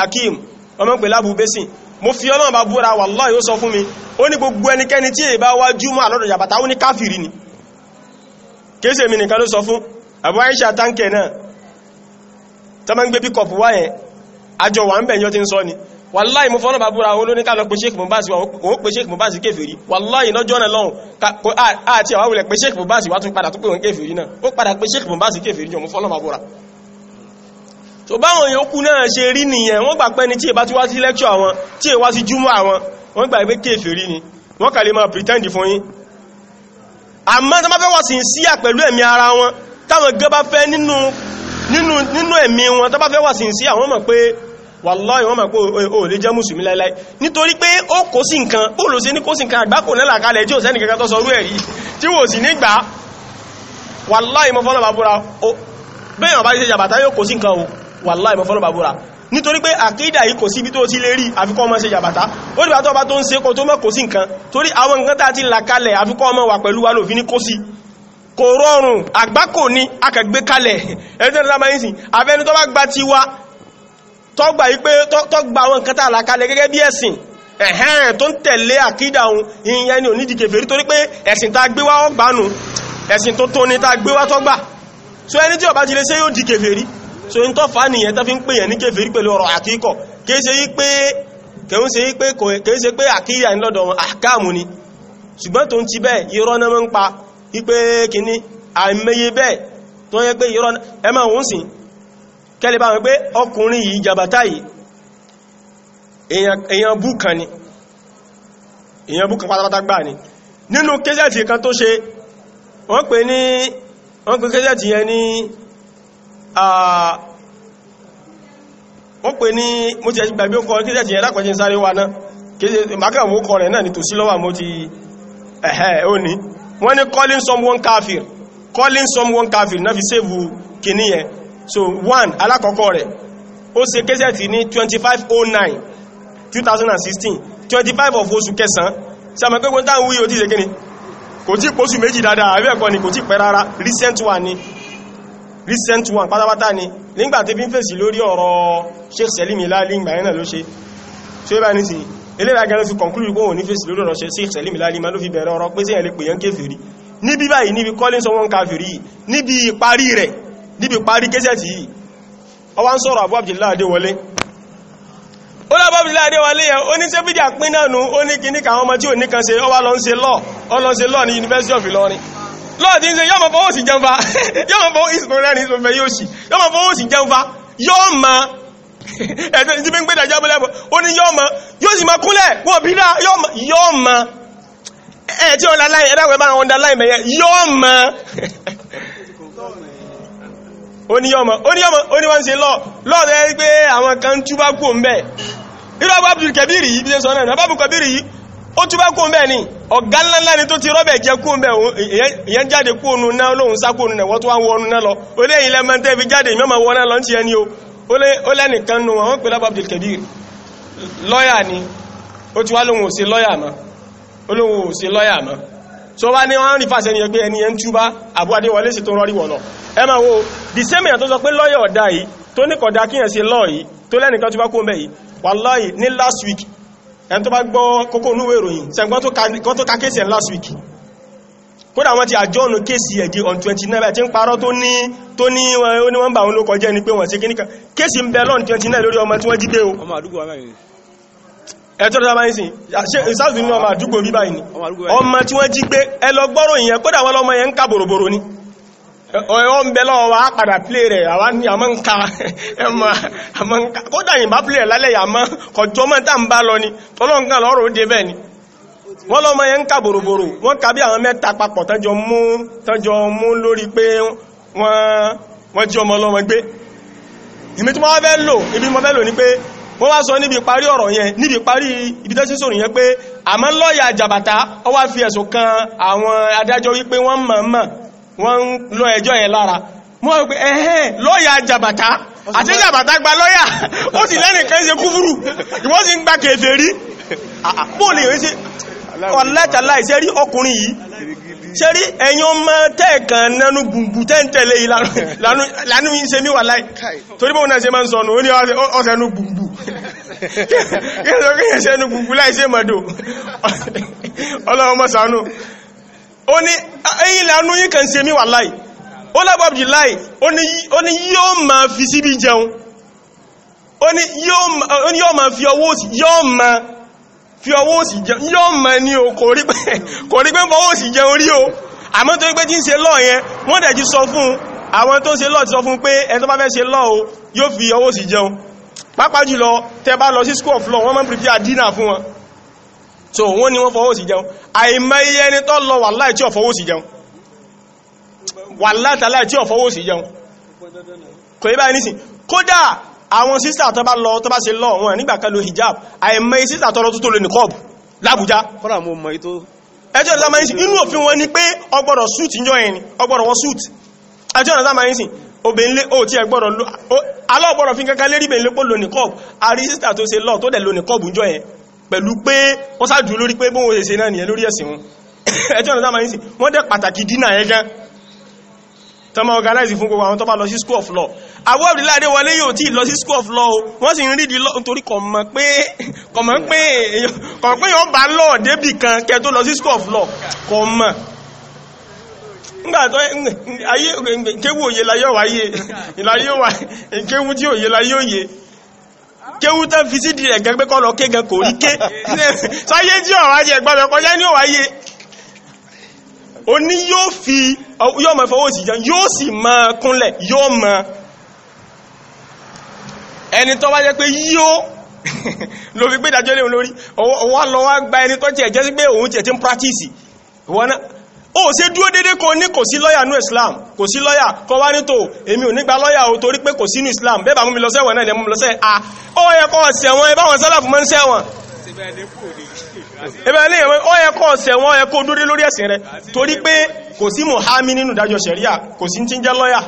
tẹ́ (laughs) mo fi ọlọ́run bá búra wallahi ó sọ fún mi ó ní gbogbo ẹnikẹ́ni tí èyí bá wá júmọ́ àlọ́dọ̀ yàbàtà ó ní káfìrí ni kéèsè mi nìkan ló sọ fún Abu Aisha táǹkẹ̀ náà tó máa ń gbé píkọ̀pù wá yẹn àjọ wà ń bẹ̀ yọ ti ń sọ ni wallahi mo fọ́nà bá búra ó lóní kálọ pé Sheikh Mubasi wà ó pé Sheikh Mubasi kéfìrí wallahi lọ́jọ́ náà lọ́hùn àti àwọn ilẹ̀ pé Sheikh Mubasi wà tún padà tó pé òun kéfìrí náà ó padà pé Sheikh Mubasi kéfìrí jọ mo fọ́nà bá búra so báwọn yòókù náà ṣe rí nìyẹn wọ́n gbà pẹ́ni tí è bá ti wá sí lẹ́kṣọ́ àwọn tí è wá sí júmọ́ àwọn wọ́n gbà pé kèfèrí ni wọ́n kà lè máa pretend fún yín àmọ́ tó bá fẹ́ wà sincere pẹ̀lú ẹ̀mí ara wọn táwọn gẹ́ bá fẹ́ nínú nínú nínú ẹ̀mí wọn tó bá fẹ́ wà sincere àwọn mọ̀ pé wàláhì wọ́n o lè jẹ́ mùsùlùmí láíláí nítorí pé ó kó sí nǹkan ó lò sí ní kó sí nǹkan àgbákò nílà kalẹ̀ tí ò sẹ́ni kankan tó sọ ẹ̀rí tí wò sí nígbà wàláhì mọ́ fọ́nà bàbúra bẹ́ẹ̀ wọ́n bá ṣe jàbàtà yóò kó sí nǹkan o wàláì mọ́ fọ́lọ́bà búra nítorí pé àkídà yìí kò sí ibi tó ti lè rí àfikọ́ ọmọ ṣe jàbàtá ó dìbà tó bá tó ń ṣe kò tó mọ́ kò sí nǹkan torí àwọn nǹkan tá ti là kalẹ̀ àfikọ́ ọmọ wà pẹ̀lú wa lòfin ní kó sí kò rọrùn àgbákò ní akẹgbẹ́ kalẹ̀ ẹ̀ẹ́dẹ́gbẹ́sìn abẹ́ni tó bá gba ti wa tọ́gbà yí pé tọ́gbà àwọn nǹkan ẹ̀sìn tó ni ò ní dìkẹ̀ fèrí torí tó ní tá gbé wá tọ́gbà so ẹni tí ó bá ti yóò dìkẹ̀ fèrí so in tó fà nìyẹn tó fi ń pè yẹn ní kèfèrí pẹ̀lú ọ̀rọ̀ àkíkọ̀ kìí ṣe yí pé kìí ṣe yí pé kìí ṣe pé àkíyà ń lọ́dọ̀ wọn àkáàmù ni ṣùgbọ́n tó ń ti bẹ́ẹ̀ irọ́ náà ń pa wípé kìíní àìmọye bẹ́ẹ̀ tó yẹ pé irọ́ ni èèyàn bú kan pátápátá gbà ni nínú kéṣẹ́ẹ̀tì kan tó wọ́n pè ní mo ti gbàgbé ọkọ̀ kí tẹ́jì ẹlápẹ̀jì ń sáré wa náà kéde makàwò kọ rẹ̀ náà ni tòsí lọ́wà mo ti ẹ̀hẹ́ ó ní wọ́n ní calling someone kafir calling someone kafir náà fi sèvù kìíní yẹn so one alákọ̀ọ́kọ́ rẹ̀ ó ṣe kéṣẹ̀tì ní 2509 2016 25 of oṣù kẹsàn-án sàmà pé gbọ́n táwọn wúyí ó ti ṣe kíni kò tí pọ́sù méjì dáadáa àríẹ̀kọ́ ni kò tí pẹ́ rárá recent one ni recent one pátápátá ni nígbàtí bí n fèsì lórí ọ̀rọ̀ Sheikh Salim Ilali ìgbà yẹn náà ló ṣe tí ó bá ní sí eléra ló fi conclude pé òun ní fèsì lórí ọ̀rọ̀ Sheikh Salim Ilali ma ló fi bẹ̀rẹ̀ ọ̀rọ̀ pé sí ẹ̀lẹ́ pè kéfèrí níbi báyìí níbi calling someone káfèrí yìí níbi parí rẹ̀ níbi parí késẹ̀tì yìí ó wá ń sọ̀rọ̀ Abu Abdillah Adéwọlé ó lábọ́ Abdillah Adéwọlé yẹn ó ní sẹ́bídì àpín náà nù ó ní kíníkà àwọn ọmọ tí University of Ìlọrin lọ́ọ̀dí ń ṣe yọ́ ma fọwọ́ sí jẹun fa yọ́ ma fọwọ́ ìsìnkú rẹ̀rin ìsìnkú yóò sí yọ́ ma fọwọ́ sí jẹun fa yọ́ ma (laughs) ẹ̀tọ́ ìdí pín gbẹ́dà jábọ́ lẹ́bọ̀ ó ní yọ́ ma yóò sì ma kúnlẹ̀ wọ́n bí dá yọ́ ma ẹ̀ tí ọ̀la láì ẹ̀dàwẹ̀ bá wọn da láì mẹ́yẹ yọ́ (laughs) ma ó ní yọ́ ma ó ní yọ́ ma ó ní wọ́n ṣe lọ lọ́ọ̀dẹ́ pé àwọn kan túbá kú òun bẹ́ẹ̀ irú abúlé kẹbírì yìí bí ó túbá kó bẹ́ẹ̀ ni ọ̀gá ńláńlá ni tó ti rọ́bẹ̀ jẹ kó bẹ́ẹ̀ ìyẹn jáde kó nu náà lóhun sá náà wọ́n tó wá wọnú náà lọ ó ilẹ̀ mẹ́tẹ́ fi jáde ìmọ̀mọ̀ wọ́n náà lọ ti ẹni o ó lẹ́nìkan nu wọn pẹ̀lú Abu Abdul lọ́yà ni ó ti wá lóhun ò sí lọ́yà mọ́ olóhun ò sí lọ́yà mọ́ so wá ní wọ́n rí fàṣẹ ní ẹgbẹ́ ẹni ẹn túbá Abu Adéwọlé sì tó rọrí wọ̀nà ẹ máa wo the same èèyàn tó sọ pé lọ́yà ọ̀dà yìí tó ní last week ẹn tó bá gbọ́ kókó onúwé ìròyìn sẹ́gbọ́n tó ká kéèsì ẹ̀ last week kódà wọ́n ti àjọ́nù kéèsì ẹ̀dì on 29 tí ń parọ́ tó ní tó ní wọ́n bà wọn ló kọjẹ́ ni pé wọ́n sí kíníkà kéèsì ń bẹ lọ́n 29 lórí ọmọ tí wọ́n jí gbé o ẹ̀tọ́ tó báyìí sí ìsáàzù nínú ọmọ àdúgbò bíbáyìí ni ọmọ tí wọ́n jí gbé ẹlọgbọ́rò ìyẹn kódà wọ́n lọ́mọ yẹn ń kà bòròbòrò ni ọ̀yọ́ ń bẹ lọ́wọ́ wa padà play rẹ̀ àwa ní àmọ́ ń ka (laughs) ẹmọ àmọ́ ń ka kódà yìnbá play rẹ̀ lálẹ́ yàmọ́ kọjọ́ mọ́ tá ń bá lọ ni ọlọ́nkà lọ́rọ̀ ó dé bẹ́ẹ̀ ni wọ́n lọ́mọ yẹn ń ka bòròbòrò wọ́n ka bí àwọn mẹ́ta papọ̀ tọ́jọ mú tọ́jọ mú lórí pé wọ́n jí ọmọ ọlọ́mọ gbé ìmí tí wọ́n fẹ́ lò ibi mo fẹ́ lò ni pé wọ́n wá sọ níbi parí ọ̀rọ̀ yẹn níbi parí ibi tẹ́sí sọ̀rọ̀ yẹn pé àmọ́ lọ́ọ̀yà jàbàtà ó fi ẹ̀sùn kan àwọn adájọ́ wípé wọ́n mọ̀ọ́mọ̀ wọ́n ń lọ ẹjọ́ yẹn lára wọ́n pẹ̀ ẹ̀hẹ́ lọ́yà jàbàtà àti jàbàtà gba lọ́yà ó sì lẹ́nìkan ṣe kúfúrú ìwọ́n sì ń gba kèfèrí bóòlì ìwé ṣe ọ̀lẹ́tàlá ìṣẹ́ rí ọkùnrin yìí ṣe rí ẹ̀yìn ọmọ tẹ́ẹ̀kan nánú gbùngbù tẹ́ntẹ̀lẹ̀ yìí lánú ṣe mí wà láì torí bóun náà ṣe máa ń sọnù ó ní ọ̀sẹ̀nú gbùngbù kí ẹ̀ṣẹ́nu gbùngbù láì ṣe mọ̀dọ̀ ọlọ́run ó ní ẹ̀yìn ilẹ̀ anú yí kàn sí èmi wà láì ó lábọ̀ Abdullahi ó ní yóò máa fi síbi jẹun ó ní yóò máa fi ọwọ́ òsì yóò máa fi ọwọ́ òsì jẹun yóò máa ní o kò rí pé ń (laughs) fọwọ́ òsì jẹun rí o àmọ́ tó wípé tí ń ṣe lọ́ọ̀ yẹn wọ́n dẹ̀ jí sọ fún àwọn tó ń ṣe lọ́ọ̀ ti sọ fún pé ẹni tó bá fẹ́ ṣe lọ́ọ̀ o yóò fi ọwọ́ òsì jẹun pàápàá jùlọ tẹ bá lọ sí school of law wọ́n máa ń prepare dinner fún wọn so wọ́n ni wọ́n fọwọ́ sí jẹun àìmọye ẹni tó lọ wàláì tí ò fọwọ́ sí jẹun wàláì tàláì tí ò fọwọ́ sí jẹun kò yí báyìí nísìn kódà àwọn sísà tó bá lọ tó bá ṣe lọ wọn nígbà kan lo hijab àìmọye sísà tó lọ tó tó lè ní kọ́ọ̀bù lábújá ẹjọ́ ìlàmà nísìn inú òfin wọn ni pé ọgbọ́dọ̀ suit yọ ẹni ọgbọ́dọ̀ wọn suit ẹjọ́ ìlàmà nísìn obìnrin ó ti ẹgbọ́dọ̀ alọ́gbọ́dọ̀ fi kankan lérí bẹ̀ẹ́ lépo lónìí kọ́ọ̀bù àrí sísà tó ṣe lọ tó dẹ̀ lónìí kọ́ọ̀bù jọ yẹn pẹ̀lú pé wọ́n sáàjú lórí pé bóhun èsè náà nìyẹn lórí ẹ̀sìn wọn ẹjọ́ ọ̀nà sáàmà yìí wọ́n dẹ̀ pàtàkì dínà ẹ gan tọ́mọ organize fún gbogbo àwọn tó bá lọ sí school of law àwọn òrìláde wọlé yóò tí lọ sí school of law wọ́n sì ń rí di lọ nítorí kọ̀mọ̀ pé kọ̀mọ̀ pé kọ̀mọ̀ pé yóò bá lọ débì kan kẹ tó lọ sí school of law kọ̀mọ̀ ngbàtọ́ ayé kéwú òye láyé wáyé ìlàyé wáyé kéwú tí òye láyé òye kéwú tán fi sídìí rẹ̀ gẹ́gbẹ́ kọ́ lọ ké gan kò rí ké (laughs) sáyé tí ọ̀rọ̀ ajẹ́ gbọ́dọ̀ kọjá ní òwà yé o ní yóò fi yóò mọ̀ fọwọ́ sí jẹun yóò sì máa kúnlẹ̀ yóò mọ̀ ẹni tó bá jẹ́ pé yóò (laughs) ló fi gbé ìdájọ́ léun lórí ọwọ́ lọ wá gba ẹni tó tiẹ̀ jẹ́ sí pé òun tiẹ̀ ti ń practice ìwọ náà ó ṣe dúró dédé kó ní kò sí lọ́yà ní islam kò sí lọ́yà kọ wá nítò èmi ò nígbà lọ́yà o torí pé kò sí ní islam bẹ́ẹ̀ bá mú mi lọ sẹ́wọ̀n náà lẹ́mú mi lọ sẹ́ à ó yẹ kọ́ sẹ̀wọ̀n ẹ báwọn sálàfù mọ́ ń sẹ́wọ̀n ẹbẹ̀ ní ẹ̀wọ̀n ó yẹ kọ́ sẹ̀wọ̀n ó yẹ kó dúró lórí ẹ̀sìn rẹ torí pé kò sí mohami nínú ìdájọ́ sẹ̀ríà kò sí ti ń jẹ́ lọ́yà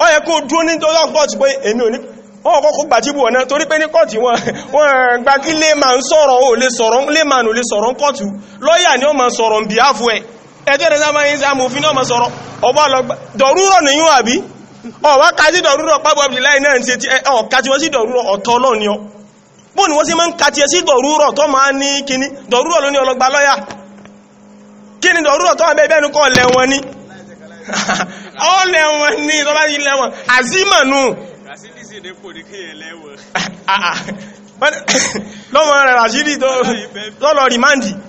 ó yẹ kó dúró ní tó lọ́pọ̀tù pé èmi ò ní wọ́n kọ́kọ́ gbàjíbù ọ̀nà torí pé ní kọ́ọ̀tù wọ́n gbà kí lè máa ń sọ̀rọ̀ ó lè sọ̀rọ̀ lè máa nù lè sọ̀rọ̀ kọ́ọ̀tù lọ́yà ni ó máa sọ̀rọ̀ ń bí áfú ẹ̀ ẹ̀tọ́ ẹ̀rẹ́ sáma yín sáàmù òfin náà mọ̀ sọ̀rọ̀ ọba lọ́gbà dọ̀rúrọ̀ nìyí wà bí ọ̀wá ká sí dọ̀rúrọ̀ pápọ̀ abdullahi náà ṣe ọ̀ka tí wọ́n sí dọ̀rúrọ̀ ọ̀tọ̀ ọlọ́ni ọ bó ni wọ́n sì máa ń ka tiẹ̀ sí dọ̀rúrọ̀ tó máa ní kíní dọ̀rúrọ̀ ló ni dọ̀rúrọ̀ tó wà (laughs) (laughs) ah, ah, ah. lọ́wọ́ rẹ̀ ràṣídì tó lọ́lọ́ rìmáǹdì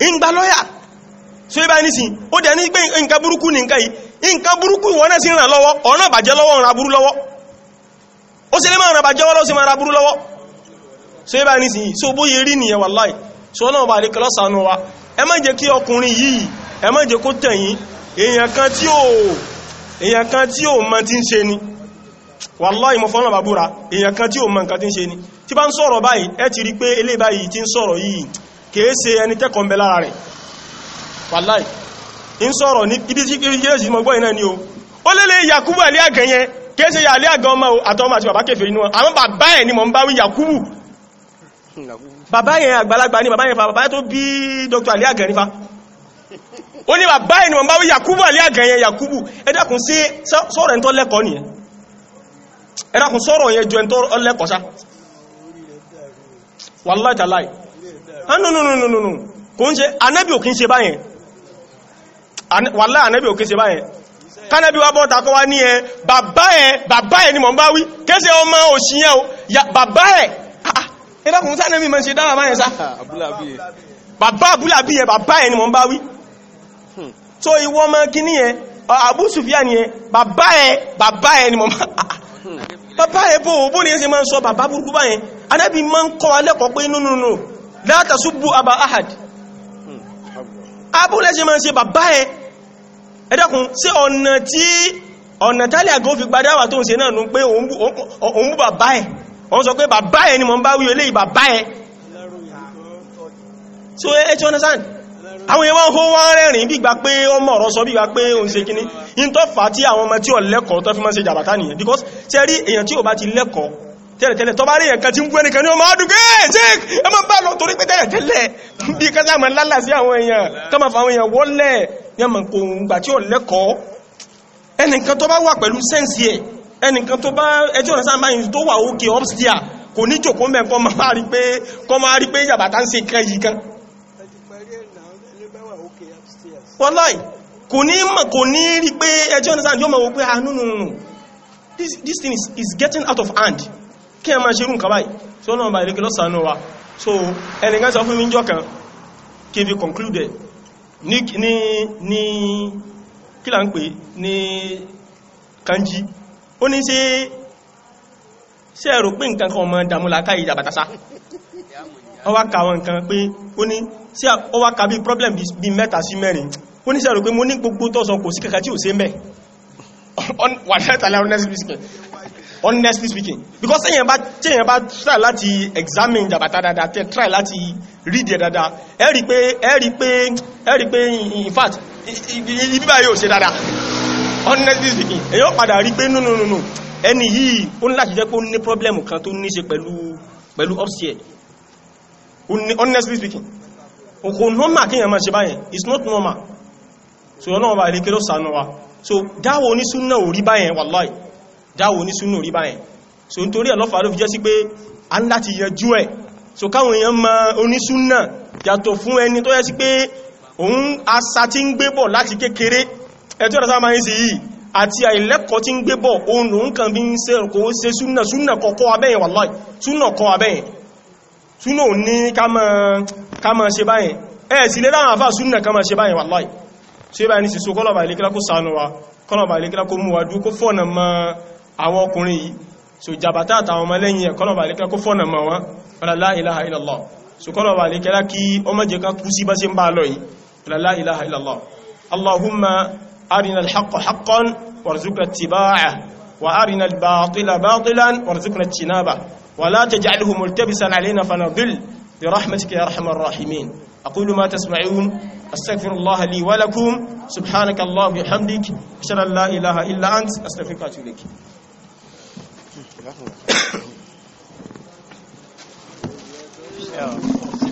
ń gba lọ́yà so ibá ní sin ó dẹ̀ ní pé nǹkan burúkú ní nǹkan yìí nǹkan burúkú wọ́n náà sí ràn lọ́wọ́ ọ̀nà bàjẹ́ lọ́wọ́ ọ̀nà aburú lọ́wọ́ ó sì lè máa ràn bàjẹ́ lọ́wọ́ sí máa so ibá ní sin so bóyẹ rí nìyẹn wa fọ́nà èèyàn kan tí nǹkan tí ń ṣe ni tí bá ti kìí ṣe ẹni tẹ́kọ̀ọ́ ń bẹ lára rẹ̀ wàláì ń sọ̀rọ̀ ní ibi tí kí ni o ó lélẹ̀ Yakubu alẹ́ àgàn yẹn kìí ṣe alẹ́ àgàn ọmọ àtọ́mọ àti bàbá kèfèrí inú wọn àwọn bàbá ẹ̀ ni mọ̀ ń bá wí Yakubu bàbá yẹn ni bàbá yẹn fa bàbá tó bí Dr. alẹ́ àgàn nífa ó ní bàbá ẹ̀ ni mọ̀ ń bá wí Yakubu alẹ́ àgàn yẹn Yakubu ẹ dákun sí sọ̀rọ̀ ẹ̀ntọ́ lẹ́kọ̀ọ́ nìyẹn ẹ dákun sọ̀rọ̀ yẹn ju ẹ̀ntọ́ lẹ́kọ̀ọ́ Ah, nùnùnùnùnù kò ń ṣe anẹ́bì ò kí ń ṣe báyẹn wàlá anẹ́bì ò kí ń ṣe báyẹn kánẹ́bì wá bọ́ta kọ́ wá ní ẹ bàbá ẹ bàbá ẹ ni mọ̀ ń bá wí kéṣe ọmọ òṣìyàn o bàbá ẹ ẹlẹ́kùn sánẹ́bì mọ̀ ṣe dára báyẹn sá bàbá abúlábí ẹ bàbá ẹ ni mọ̀ ń bá wí tó ìwọ ọmọ kíní ẹ Abu Sufyan ni ẹ bàbá ẹ bàbá ni mọ̀ bàbá ẹ bó bó ni ẹ ṣe máa ń sọ bàbá burúkú báyẹn anẹ́bì máa la tasubbu aba ahad abúlé ṣe máa ṣe bàbá ẹ ẹ dákun sí ọ̀nà tí ọ̀nà tálẹ̀ àgọ́ fi padà wà tó ń ṣe náà nú pé òun bú bàbá ẹ wọ́n sọ pé bàbá ẹ ni mọ̀ ń bá wí eléyìí bàbá ẹ so ẹ ti understand àwọn èèyàn hó wá rẹ̀rìn bí gba pé ọmọ ọ̀rọ̀ sọ bí gba pé òun ṣe kíní in tó fà á tí àwọn ọmọ tí ò tó fi máa ṣe jàbátá nìyẹn because ṣe èèyàn tí ò bá ti lẹ́kọ̀ọ́ tẹ́lẹ̀tẹ́lẹ̀ tó bá rí ẹ̀kan tí ń bú ẹnìkan ní ọmọ ọdún gẹ́ẹ̀ jẹ́k ẹmọ bá lọ torí pé tẹ́lẹ̀tẹ́lẹ̀ bí kan sáà ma lálà sí àwọn èèyàn tó ma fa àwọn èèyàn wọ́lẹ̀ yẹn ma kò ń gbà tí ó lẹ́kọ̀ọ́ ẹnìkan tó bá wà pẹ̀lú sẹ́ǹsì ẹ̀ ẹnìkan tó bá ẹjọ́ ọ̀nà sáà báyìí tó wà òkè upstairs kò ní jòkó mẹ́ kọ́ máa rí pé kọ́ máa rí pé yàbàtà ń ṣe kan yìí ah, no no no this, this thing is, is getting out of hand kí ẹ máa ṣe rún kàbáyì tí ó náà bá ìrékẹ́ lọ́sànú wa so ẹnìkan sọ fún mi jọ kan kí n fi conclude ní ní kí là ń pè ní kanji ó ní ṣe ṣe ẹ̀rọ pé nǹkan kan ọmọ dàmúlà ká ìjà ó wá ka àwọn nǹkan pé ó ní ṣe ó wá ka bí problem bí mẹ́ta sí mẹ́rin ó ní ṣe ẹ̀rọ pé mo ní gbogbo tọ́sọ kò sí kẹ̀kẹ́ tí ò sí (laughs) mẹ́ honestly speaking because téèyàn bá téèyàn bá try láti examine jàbàtà dáadáa tẹ try láti read ẹ dáadáa ẹ rí pé ẹ rí pé ẹ rí pé in fact ibi báyìí ò ṣe dáadáa honestly speaking èyàn padà rí pé no no no no ẹni yìí ó ní láti jẹ́ pé ó ní problem kan tó ní ṣe pẹ̀lú pẹ̀lú upset honestly speaking kò normal kéèyàn máa ṣe báyẹn it's not normal so ọlọ́run bá ilé kéré sànú wa so dáwọ onísúnà ò rí báyẹn wàláì dáwò ní súnú rí báyẹn so nítorí ọlọ́fà ló fi jẹ́ sí pé a ń láti yẹjú ẹ̀ so káwọn èèyàn mọ onísúnà yàtọ̀ fún ẹni tó yẹ sí pé òun asa tí ń gbébọ̀ láti kékeré ẹ̀tọ́ ọ̀rọ̀ sáàmà ìsì yìí àti àìlẹ́kọ̀ọ́ tí ń gbébọ̀ òun lòun kàn bí ń ṣe kò ṣe súnà súnà kọ̀kọ́ abẹ́yẹn wallahi súnà kọ́ abẹ́yẹn ilé kílákó sànù wa ilé kílákó mú wa dúkó fọ́nà mọ́ àwọn ọkùnrin yìí so jàbátá àtàwọn ọmọlẹ́yìn ẹ̀ kọ́lọ̀bà lẹ́kẹ́ kó fọ́nà mọ̀ wọn ọlọ́lá ilaha illallah so kọ́lọ̀bà lẹ́kẹ́ kí ọmọ jẹ ká kú sí bá ṣe ń bá lọ yìí ọlọ́lá ilaha illallah ما تسمعون استغفر الله لي ولكم سبحانك اللهم وبحمدك اشهد ان لا اله الا انت استغفرك واتوب (coughs) É,